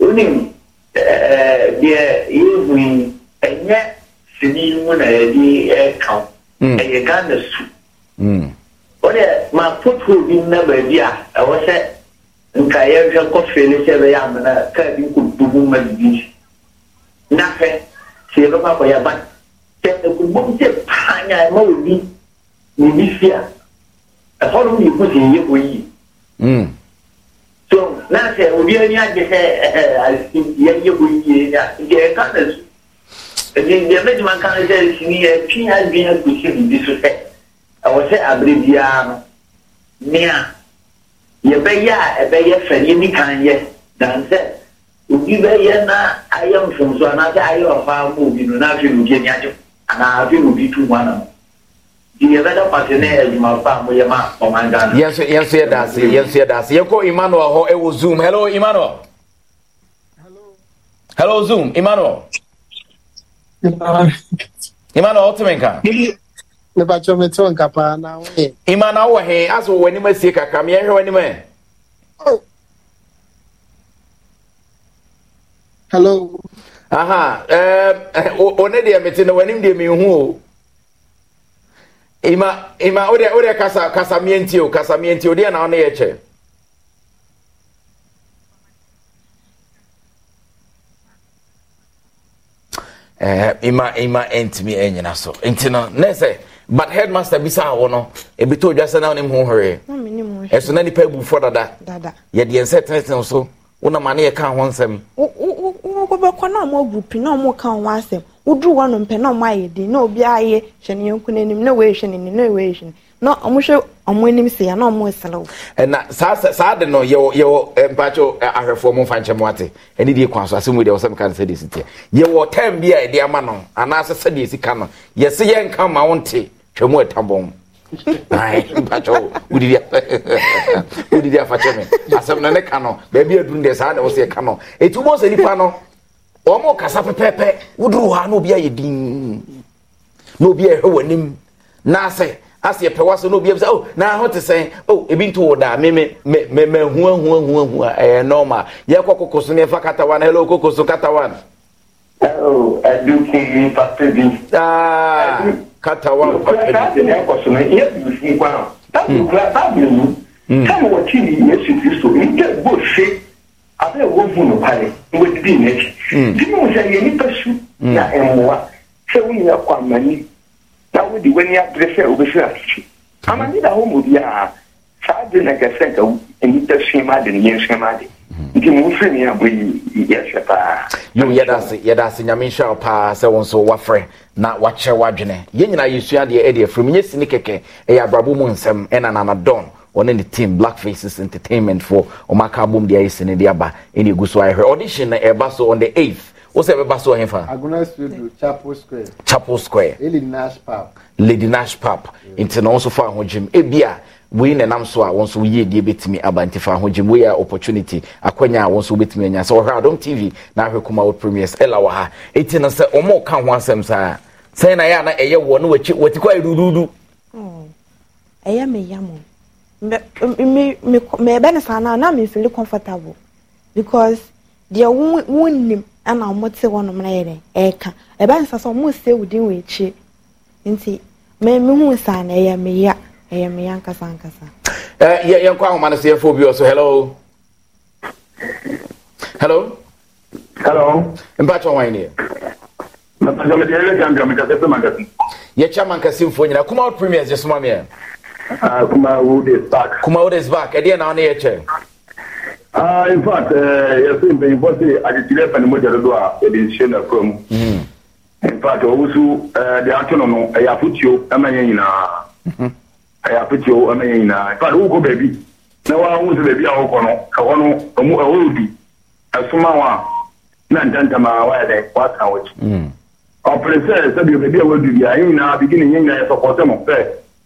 Unim, dear, you win, and yet, Sydney, when I did air count, and you got the soup. What my foot will be never dear. I was at Nkayaka coffee, and said, I am a curve you could do woman beach. Nothing, say, look up for your back. Then the woman ɛhɔnom ne yɛkɔ sɛ yɛyɛ so na sɛ obiara ni agye sɛ yɛyɛ ɔyie nti ɛka na so ɛti deɛ mɛgyima sɛ sini yɛtwe adwen akɔsi biribi so sɛ ɛwɔ sɛ aberɛ biara no nea yɛbɛyɛ a ɛbɛyɛ fɛ yɛni kan yɛ dan sɛ obi bɛyɛ na ayɛ mfomso anaasɛ ayɛ ɔfa ama obi no na afei obi ani agye anaa afei obi tu mu anam yɛnso yɛ daase yɛnso yɛ daase yɛkɔ emmanuel hɔ ɛwɔ zoom hello emmanuel hello zoom emmanuel emmanuel ɔte me nka mepakyɛ metew nka paa na woyɛ emmanuel wɔ he asɛ wɔ w'anim asie kakra meyɛhwɛ w'anim ɛ oh. hello aha ɛɛ ɔne deɛ mete na w'anim deɛ mehu eh, o ima ima wode wode kasa kasa mienti o kasa mienti o deɛ na ɔne yɛ kyɛ ima ima ntumi ɛnyina so nti na ne but headmaster bi sa awɔ no ebi tó dwa sɛ na mini mu hɔhɔrɛ ɛso na nipa ebu fɔ dada yɛdeɛ nsɛ tenten so wonam ane yɛ ka ho nsɛm. wo wo wo bɛkɔ na mo agu na mo ka ho asɛm woduru hɔnom pɛ na ɔmo ayɛ din na obi ayɛ hwɛ ne yɔnko n'anim na wɔyɛ hwɛ n'anim na wɔyɛ hwɛ na ɔmo hwɛ ɔmo anim si ya na ɔmo serew. ɛna saa saa de no yɛwɔ yɛwɔ eh, mpatsɛ eh, ahwɛfoɔ mo nfa nkyɛn mo ate ɛne deɛ kwan so asɛm wo deɛ ɔsɛm ka no sɛdeɛ si teɛ yɛwɔ tɛm bi a yɛde ama no anaasɛ sɛdeɛ si ka no yɛsi yɛn ka ma wɔn te twɛ mu ɛtabɔn mpatsɛ wodidi wodidi afakyɛ mi asɛm na ne ka no baabi etu mo sɛ nipa wɔn kasa pɛpɛɛpɛ woduru hɔ a na obi ayɛ dinn na obi ɛhwɛ wɔ anim n'asɛ asɛ pɛ wasa na obi ɛbisa oh na ahɔ te sɛn oh ebi nto wɔ daa mɛmɛ mɛmɛ hua hua hua hua ɛyɛ nɔɔma yɛ kɔ koko so na yɛfa katawan hello koko so katawan. ɛwɔ ɛdukun papa bi. aa katawan papa bi. ɔkasa ni ɛkɔ so yɛ bi kwan. tábìlì kura tábìlì mu. káwọn wɔ tí ni yéṣu kristu ní kẹ́ bó ṣe. Abe wo bu nokware wɔdidi n'akyi di mu sɛ yɛ nipa su na mmoa sɛ wonya kɔ amani na wode w'ani abere sɛ wobɛsɛ asikyi amani da hɔ mu biara saa de na kɛsɛ nka nipa suam ade ne yɛnsuam ade nti mo mfiri ne abɔ yi yɛhwɛ paa yo se yɛdase nyame nhyɛ wo paa sɛ wo nso woafrɛ na wakyerɛ w'adwene yɛn nyinaa yɛsua deɛ ɛde afiri mu nyɛ sini kɛkɛ ɛyɛ abrabɔ mu nsɛm ɛna nanadɔn ɔne ne team black faces entertainment for ɔmo aka abom de ayɛ sini de aba ɛna egu so ayɛhwɛ audition na eh, ɛba so on the eighth wosɛ ɛbɛba eh, so ɔhefa. aguna studio chapel square. chapel square. lady nash pap. lady nash pap nti eh, na wɔn nso fa ahogyem Ebia. a wei na nam so a wɔn nso yie die betumi aba nti fa ahogyem wei a opportunity akwanya a wɔn nso betumi anya sɛ ɔhwɛ adom tv na ahwɛ kumawo premiers ɛla wɔ ha eti na sɛ wɔn ɔka ho asɛm saa sɛn na yɛ a na ɛyɛ wɔ no wɔti kɔ ayɛ dududu. ɛyɛ mi yamu mɛbɛne saa no a na mefili comfortable because deɛ wonim ɛna ɔmo te hɔ nom na yɛ dɛ ɛɛka ɛbɛne saa sɛ se wo din wɔ akyire nti mehu saa no ɛyɛ meya ɛyɛ meya nkasa nkasa yɛnkɔ ahoma no so yɛfo bi wɔ so hello hello hello mpakyɛ wan neɛ yɛkyɛ mankasimfoɔ nyina kuma out premiers gye soma meɛ Uh, Kumawood is back. Kumawood is back. Ẹ̀dí ẹ̀ náà ni ẹ̀ kyẹ̀. in fact yẹsẹ mpanyinfo sẹ adetire uh, fani mo jẹ dodo a yẹde nhyɛ na kura mu. in fact ɔwɔ so de ato no no ɛyɛ afotuo ɛma yɛn nyinaa ɛyɛ afotuo ɛma yɛn nyinaa in fact wokɔ baabi na wɔahu sɛ baabi a mm-hmm. wɔkɔ no ɛhɔ no ɔmo ɛhɔ obi ɛsoma wɔn a na ntantam a wɔayɛ dɛ wɔatena wɔn akyi. ɔpere sɛ sɛbi baabi a wɔadu bi a yɛn nyinaa bi yɛn nyinaa yɛ sɔkɔ sɛ mo fɛ.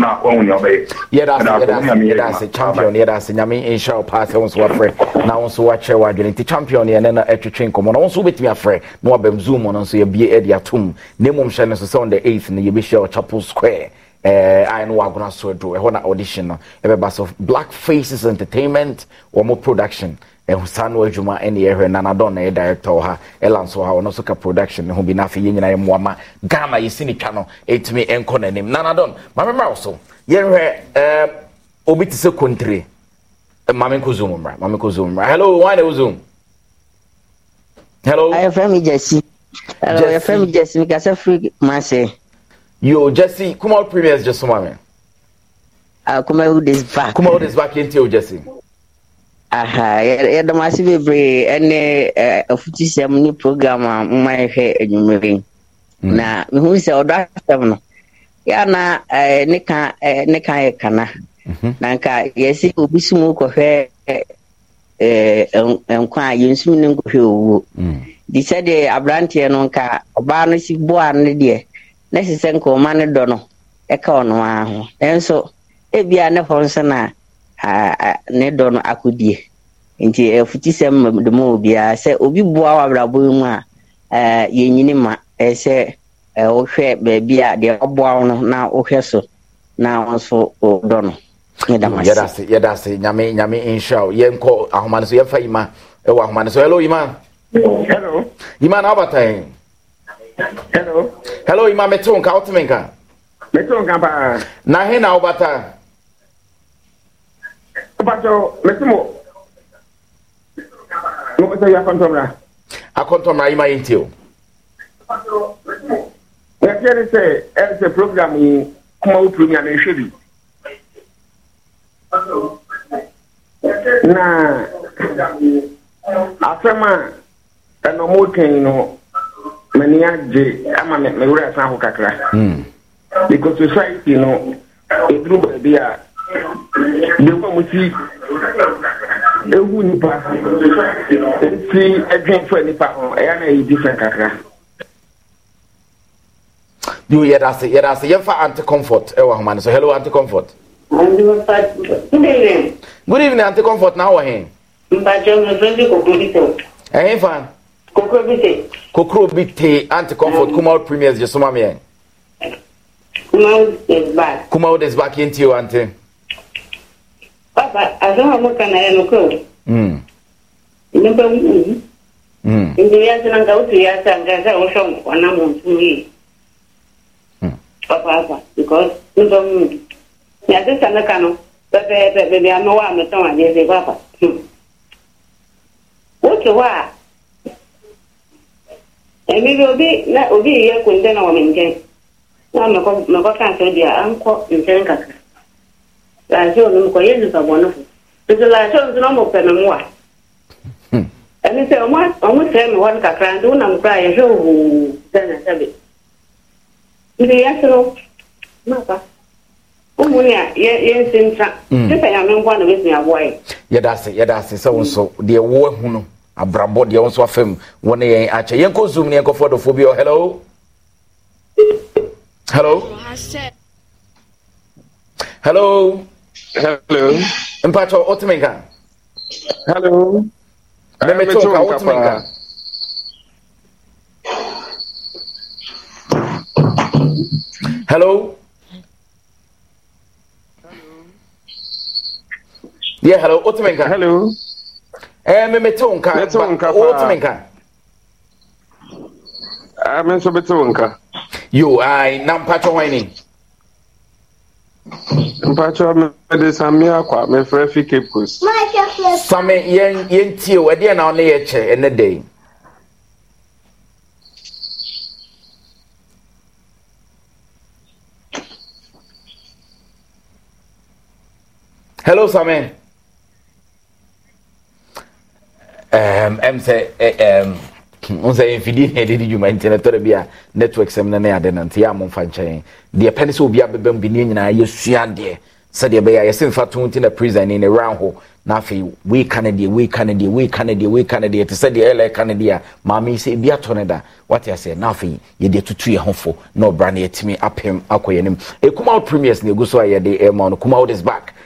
na wahu nea ɔbɛyɛ yɛdase champion yɛdase nyame nhyɛ wo paa sɛ wo nso wafrɛ na wo nso woakyerɛ wo adwene nti champion yɛne no ɛtwetwe nkɔmmɔ na wo nso wobɛtumi afrɛ na wabam zoom no nso yɛbie ade atom na mmom hyɛ no so sɛ on the 8 no yɛbɛhyia wɔ chapel square ayɛ no wɔagona so aduro ɛhɔ na audition no ɛbɛba so black faces entertainment wɔ mo production ɛhosa no adwuma ɛne yɛhwɛ nanadɔn na yɛ e director wɔ ha ɛla e nso ha ɔno nso ka production ne ho bi na afei yɛn nyinaa yɛ mmoa ma ghana yɛsi e ne twa no ɛtumi ɛnkɔ n'anim nanadɔn maame mmerɛ so yɛhwɛ ɛɛ eh, obi te sɛ kontre eh, maame nkɔ zoom mmra maame nkɔ zoom mmra hello wɔn na ɛwɔ zoom hello. ayɛfrɛ mi jɛsi hello ayɛfrɛ mi jɛsi mi kasɛ firi maa se. yo jɛsi kumaw premiers jɛsi maame. Uh, kumaw desbak. kumaw desbak yɛn ti o jɛsi aha yɛde mo ase bebree ɛne afutusɛm ne program a moma yɛhwɛ anwummerɛ mm. na mehu sɛ ɔdɔ asɛm no yɛana ne ka ne ka yɛ kana mhm. na nka yɛse obi som kɔhwɛ nkwa a yɛnsum ne nkɔhwɛ owuo mm. de sɛdeɛ aberanteɛ no nka ɔbaa no si boa no deɛ na ɛsɛ sɛ nka ɔma no dɔ no ɛka ɔno ho nanso ebia ne hɔ nso no a ne dɔ no akɔdie nti afutisɛm eh, de ma obiara sɛ obi boa wɔ abrabɔ mu a eh, yɛnyini ma ɛsɛ eh, wohwɛ baabi a deɛ ɔboa wo na wohwɛ so na nso wodɔ no yɛda ase nyame nyame nhyira wo yɛnkɔ ahoma no so yɛmfa yima ɛwɔ ahoma no so hello yima hello na hello hello yima mete wo nka mete wo nka paa na he na wobata Pacho, Mesimo. No, Mr. Yakontomra. Akontomra, you might tell. Pacho, Mesimo. Yes, yes, yes, yes, yes, program in Kumau Premier and Shibi. Na asɛm hmm. a ɛna ɔmo kan no m'ani agye ama me wura san ho kakra because society no ɛduru baabi a de kɔn mu ti ewu nipa nti ɛdwin fɔ nipa ho ɛyɛ na ɛyɛ difɛn kakra. Yo, yɛda ase yɛda ase yɛmfa anti comfort ɛwɔ ahoma no so hello anti comfort. good evening. good evening anti comfort na wɔ hen. mbàjọ́ mi fẹ́ bí kòkó bí tẹ̀. ɛyin fan. kòkó bí tẹ̀. kòkó bí tẹ̀ anti comfort kumaw premiers jẹ́ suma mi yẹn. kumaw is back. kumaw is back yẹn ti o anti. papa azohamuka naye na nimbe uvu indi yazinanga utu yasangaza ushongwana muntu mwii papa apa because nimbe muntu nyazisana kano papa hmm. wa obi na obi yiye kunde na ndị, na mekɔ mekɔ kan so dia ankɔ laasɛ no mkɔyɛ nipa bɔne fo nti laasɛ no nso na ɔmɔpɛ me mmoa ɛne sɛ ɔmo sɛe me hɔ no kakra nti wonam koraa yɛhwɛ hoo sɛ na sɛbe nti yɛse no mapa wohu ne a yɛnsi ntra te sɛ nyame mboa na bɛtumi aboa yɛ yɛda ase yɛda ase sɛ wo nso deɛ wo ahu no abrabɔ deɛ wo nso afam wo yɛn akyɛ yɛnkɔ zoom ne yɛnkɔfoɔ dɔfoɔ bi hello hello hello hello mpatsɔ wotumi nka hello me mɛmɛtɔ nka wotumi nka. hello. Yeah, hello. Wotumi nka. Hello. Eh, mɛmɛtɔ nka. Me nka paa. Wotumi nka. Ah, mɛ nso bɛtɔ nka. Yo, ayi, na mpatsɔ wɛni mpatsɔ mɛde sami akɔ mɛfrɛ fi cape sami yɛn yɛn tie o ɛdeɛ na ɔne yɛ kyɛ ɛnɛ dɛ hello sami. ɛɛm um, ɛm sɛ ɛɛm. Um, sɛ yɛmfidie ne yɛde di dwuma nti no ɛtɔre bi a network sɛm no ne ade no nti yɛ a momfa nkyɛn deɛ pɛ ne sɛ obi abɛbam bi ne nyinaa yɛsua deɛ sɛdeɛ ɛbɛyɛ a yɛse mfa to nti na prison ne ne ran ho na afei weka no deɛ weka no deɛ weka no deɛ weika no deɛ te sɛ deɛ ɛlɛ ka no deɛ a maame sɛ ebi atɔ no da wate aseɛ na afei yɛde atutu yɛn ho fo na ɔbra no yɛtumi apem akɔ yɛn anim ekumaw premiers na egu so a yɛde ɛma no kumaw is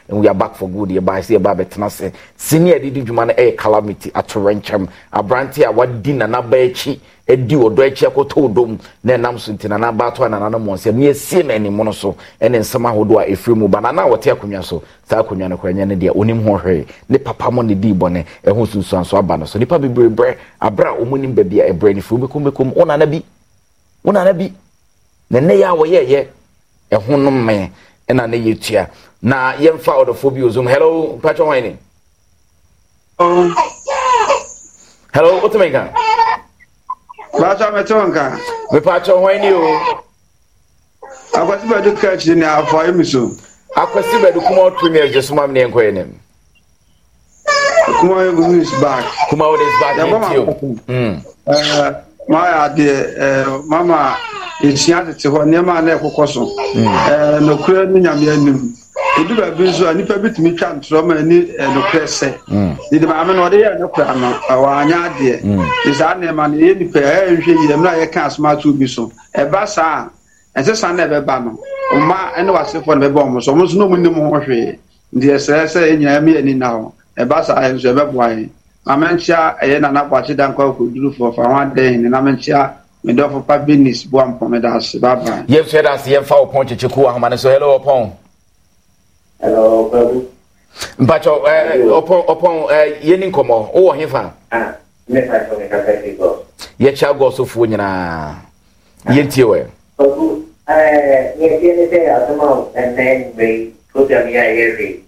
and we are back for good yɛba ɛsɛ yɛba abɛtena sɛ senior de di dwuma no ɛyɛ calamity atorɛnkyɛm aberante a wadi nanaba akyi edi ɔdɔ akyi akɔtɔ ɔdɔ mu na ɛnam so nti nana abaato a nana no mu nsɛm ne esie na anim no so ɛne nsɛm ahodoɔ a efiri mu ba nana a wɔte akonnwa so saa akonnwa no koranyɛ ne deɛ onim ho hwee ne papa mo ne dii bɔne ɛho sunsuan so aba no so nipa bebree brɛ abera a wɔn nim baabi a ɛbrɛ ne firi mekom mekom wɔn nana bi wɔn nana bi na ne yɛ a wɔyɛ yɛ ɛho no mmɛn ɛna ne yɛ tua na yɛmfa ɔdɔfoɔ bi ozum hello mpatwa hwan ni hello wotumi nka mpatwa mɛtew nka mepatwa hwan ni o akwasi bɛdu kakyi ne afɔ emi so akwasi bɛdu kuma ɔtumi ɛgye soma mi ne nkɔyɛ ne mu kuma is back kuma is back ne ti o maya yɛ adeɛ ɛɛ mama esua tete hɔ nneɛma anɛ ɛkokɔ so ɛɛ hmm. nokura ne nyame anim edu baabi nso a nipa bi tumi twa ntorɔma ani nokura sɛ hmm. didi maame na ɔde yɛ ne kura no ɛwɔ anya adeɛ esaa hmm. nneɛma no ɛyɛ nipa ɛyɛ nhwɛ yie mu na yɛ ka asoma bi so ɛba saa ɛsɛ saa na ɛbɛba no mma ɛne wasefoɔ na ɛbɛba wɔn so wɔn nso na wɔn nim ho hwee nti ɛsɛ sɛ ɛnyinaa mi yɛ ni na hɔ ɛba saa yɛ nso maame nkyia ɛyɛ nana kwakye da nkwa koduru fɔ fa ho adɛn ne nam medɔfo pa benis boa mpɔme da ase baba yɛmfɛ da ase yɛmfa wo pɔn kyekye ko ahoma ne so hello ɔpɔn hello ɔpɔn mpatsɔ ɛɛ ɔpɔn ɔpɔn ɛɛ yɛni nkɔmɔ wowɔ he fa yɛkyia gɔ sofoɔ nyinaa yɛntie wɛ ɛɛ yɛtie ne sɛ asoma ɛnɛ nwere program yɛ a yɛre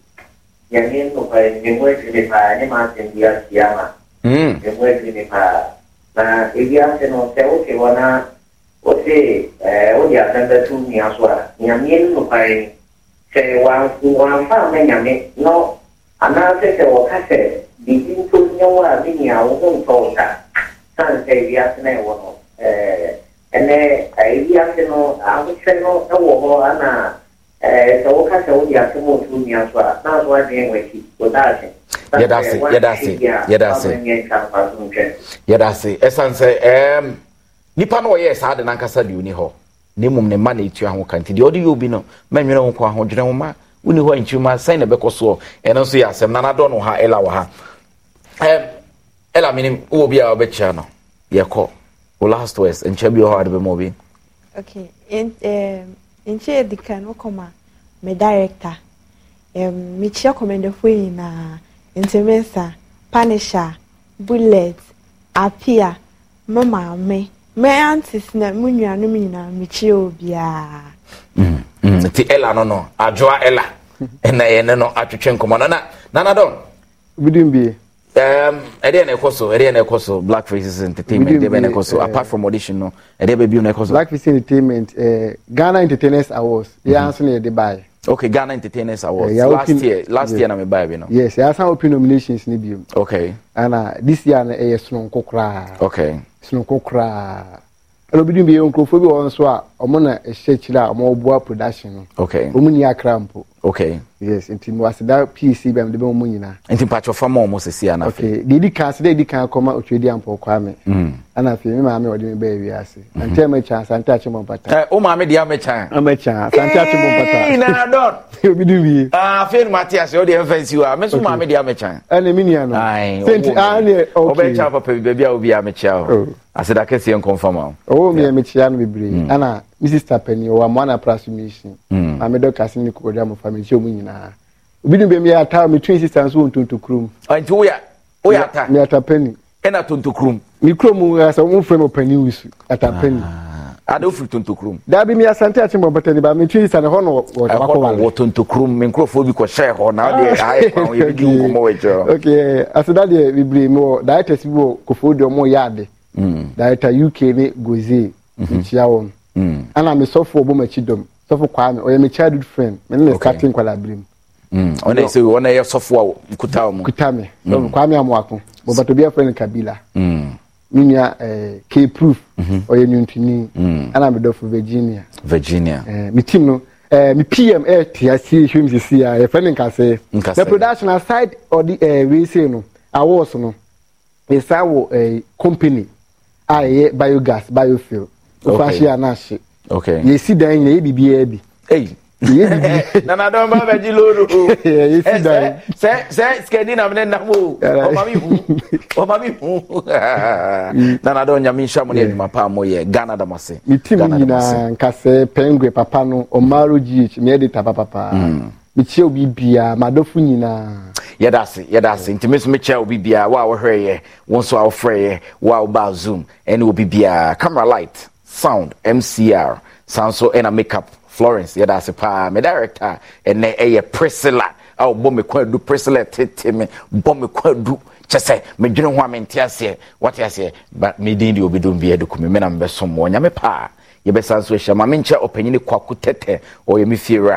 yang ini supaya semua cerita masih dia siapa semua cerita na ebi ase no sɛ wote hɔ na wote ɛɛ wode asɛm bɛto nnua so a nyame no nokwae no anaasɛ sɛ wɔka sɛ biribi nso nyɛ wo a me nea wo ho ntɔ wo sa sane sɛ ebi ase na ɛwɔ sɛ woka sɛ wode asɛm ɔtum nnua a na so adwene w'akyi wɔda ase yɛda ase yɛda ase yɛda ase yɛda nipa no ɔyɛɛ deɛ ɔni hɔ na mmom ne na ɛtua ho ka nti deɛ ɔde yɛ obi no ahodwene ma woni hɔ sɛn na ɛbɛkɔ soɔ ɛno nso yɛ asɛm no ha ɛla wɔ ha ɛla wowɔ a wobɛkyia no yɛkɔ wo last nkyɛ bi wɔ obi nkyɛ edi kan wokɔma me director um, mekyia kɔmɛndɛfoɔ nyinaa ntemesa panisha bullet apia me maame me aunties na me nuanom nyinaa mekyia obiara. Mm, mm. ti ɛla no no adwoa ɛla ɛna yɛne no atwetwe nkɔmmɔ no na nanadɔn bidum bie Um, ɛdeɛ na ɛkɔ so ɛdeɛ na ɛkɔ so black faces entertainment ɛdeɛ bɛ na ɛkɔ so uh, apart from audition no ɛdeɛ bɛ bi na ɛkɔ so. black faces entertainment uh, ghana entertainers awards mhm. yɛn nso na yɛde baayi. okay ghana entertainers uh, awards yeah, last open, year last yeah. year na mi baayi bi no. yes yɛn san open nominations ni bi. okay ana uh, this year na ɛyɛ sononko koraa. okay sononko koraa ɛna obi dun bi yɛ nkurɔfoɔ bi wɔ nso a ɔmo na ɛhyɛ kyerɛ a ɔmo boa production no. okay ɔmo ni akra mpo okay yes nti mo da pc bẹẹ de bẹ mo nyinaa. nti mpatwa fama ọmọ sisi anafe. okay deɛ edi kan aseda edi kan akɔma otwedi ampɔ kwame. ɛna mm. afei mi maame ɔde mi bɛɛ wi ase. Mhm. ante ama kyan asante akye mo mpata. ɛ eh, o maame deɛ ama kyan. ama kyan asante akye mo mpata. ee na dɔn. obi dun wie. aa ah, afei ni ma te ase o deɛ nfa nsi wa mɛ so maame deɛ ama kyan. ɛna mi nia no. ayi o wo mi ɔbɛ kyan papa bi baabi a obi ama kyan o oh. aseda kɛseɛ nkɔnfam a. owó mi yɛ mi kyan no bebree mm. Ana misista panyin ɔwɔ amoa na pra so miisin maame dɔ kase ne kɔkɔdwa amofa mi nhyɛ mu nyinaa obi dum bɛ ata mi twin sista nso wɔ ntonto kurom. nti woyɛ woyɛ ata mi ata panyin. ɛna tonto kurom. mi kurom asɛ wɔn fɛn mo panyin wusu ata panyin. ade ofiri tonto kurom. daabi mi asante ati mo bɔtɛ ne ba mi twin sista ne hɔ no wɔ tabako wale. ɛhɔ no wɔ tonto kurom mi nkurɔfoɔ bi kɔ hyɛ hɔ na ɔde ayɛ kwan yɛ di nkɔmɔ wɔ ɛkyɛ. okay aseda deɛ bebree mi wɔ directors bi wɔ kofo di ɔmo yɛ ade. director uk ne gozie. nkyia wɔn ɛna mm. mi sɔfo ɔbɔ m'akyi dɔm sɔfo kwame ɔyɛ mi childhood friend mɛ ne na starting kwala abirim. ɔna ɛsɛ wi ɔna ɛyɛ sɔfo a kuta ɔmo. kuta mi sɔfo kwame amuako bɔbɔtɔ bi afɛ ne kabila. mi nua k-proof ɔyɛ nyuntuni ɛna mm. mi dɔfo virginia. virginia ɛɛ eh, mi team no ɛɛ eh, mi pm ɛɛ tia si ehwɛ mi sisi a yɛfɛ ne nkase. na production aside ɔdi ɛɛ eh, no awards no yɛsa wɔ company a ah, ɛyɛ biogas biofuel wofa ahye a na ahye yɛsi dan nyina yɛ biribiaa bi nanadɔn bá bɛ jí lóru o ɛsɛ sɛ sikɛdi na minɛ nam o ɔma mi hu ɔma mi hu nanadɔn nyami nsamu ni ɛduma pa mo yɛ ghana damase. mi ti mi nyinaa nkasɛ pɛngwe papa no ɔmaaro gh mi ɛdi ta papapa mi kyɛ obi bia ma dɔfo nyinaa. yɛda ase yɛda ase nti mi nso mi kyɛ obi bia wo a yɛ wo nso a yɛ wo a zoom ɛne obi bia camera light sound mcr san so ɛna makeup florence yɛda ase paa me director ɛnɛ ɛyɛ priscilla a wɔbɔ me kwan du priscilla tete me bɔ me kwan du kyɛ sɛ medwene ho a mente aseɛ wate aseɛ but medin deɛ obɛdom bi aduku me mena mebɛsom wɔ nyame paa yɛbɛsan so ahyia ma menkyerɛ ɔpanyini kwako tɛtɛ ɔyɛ me fie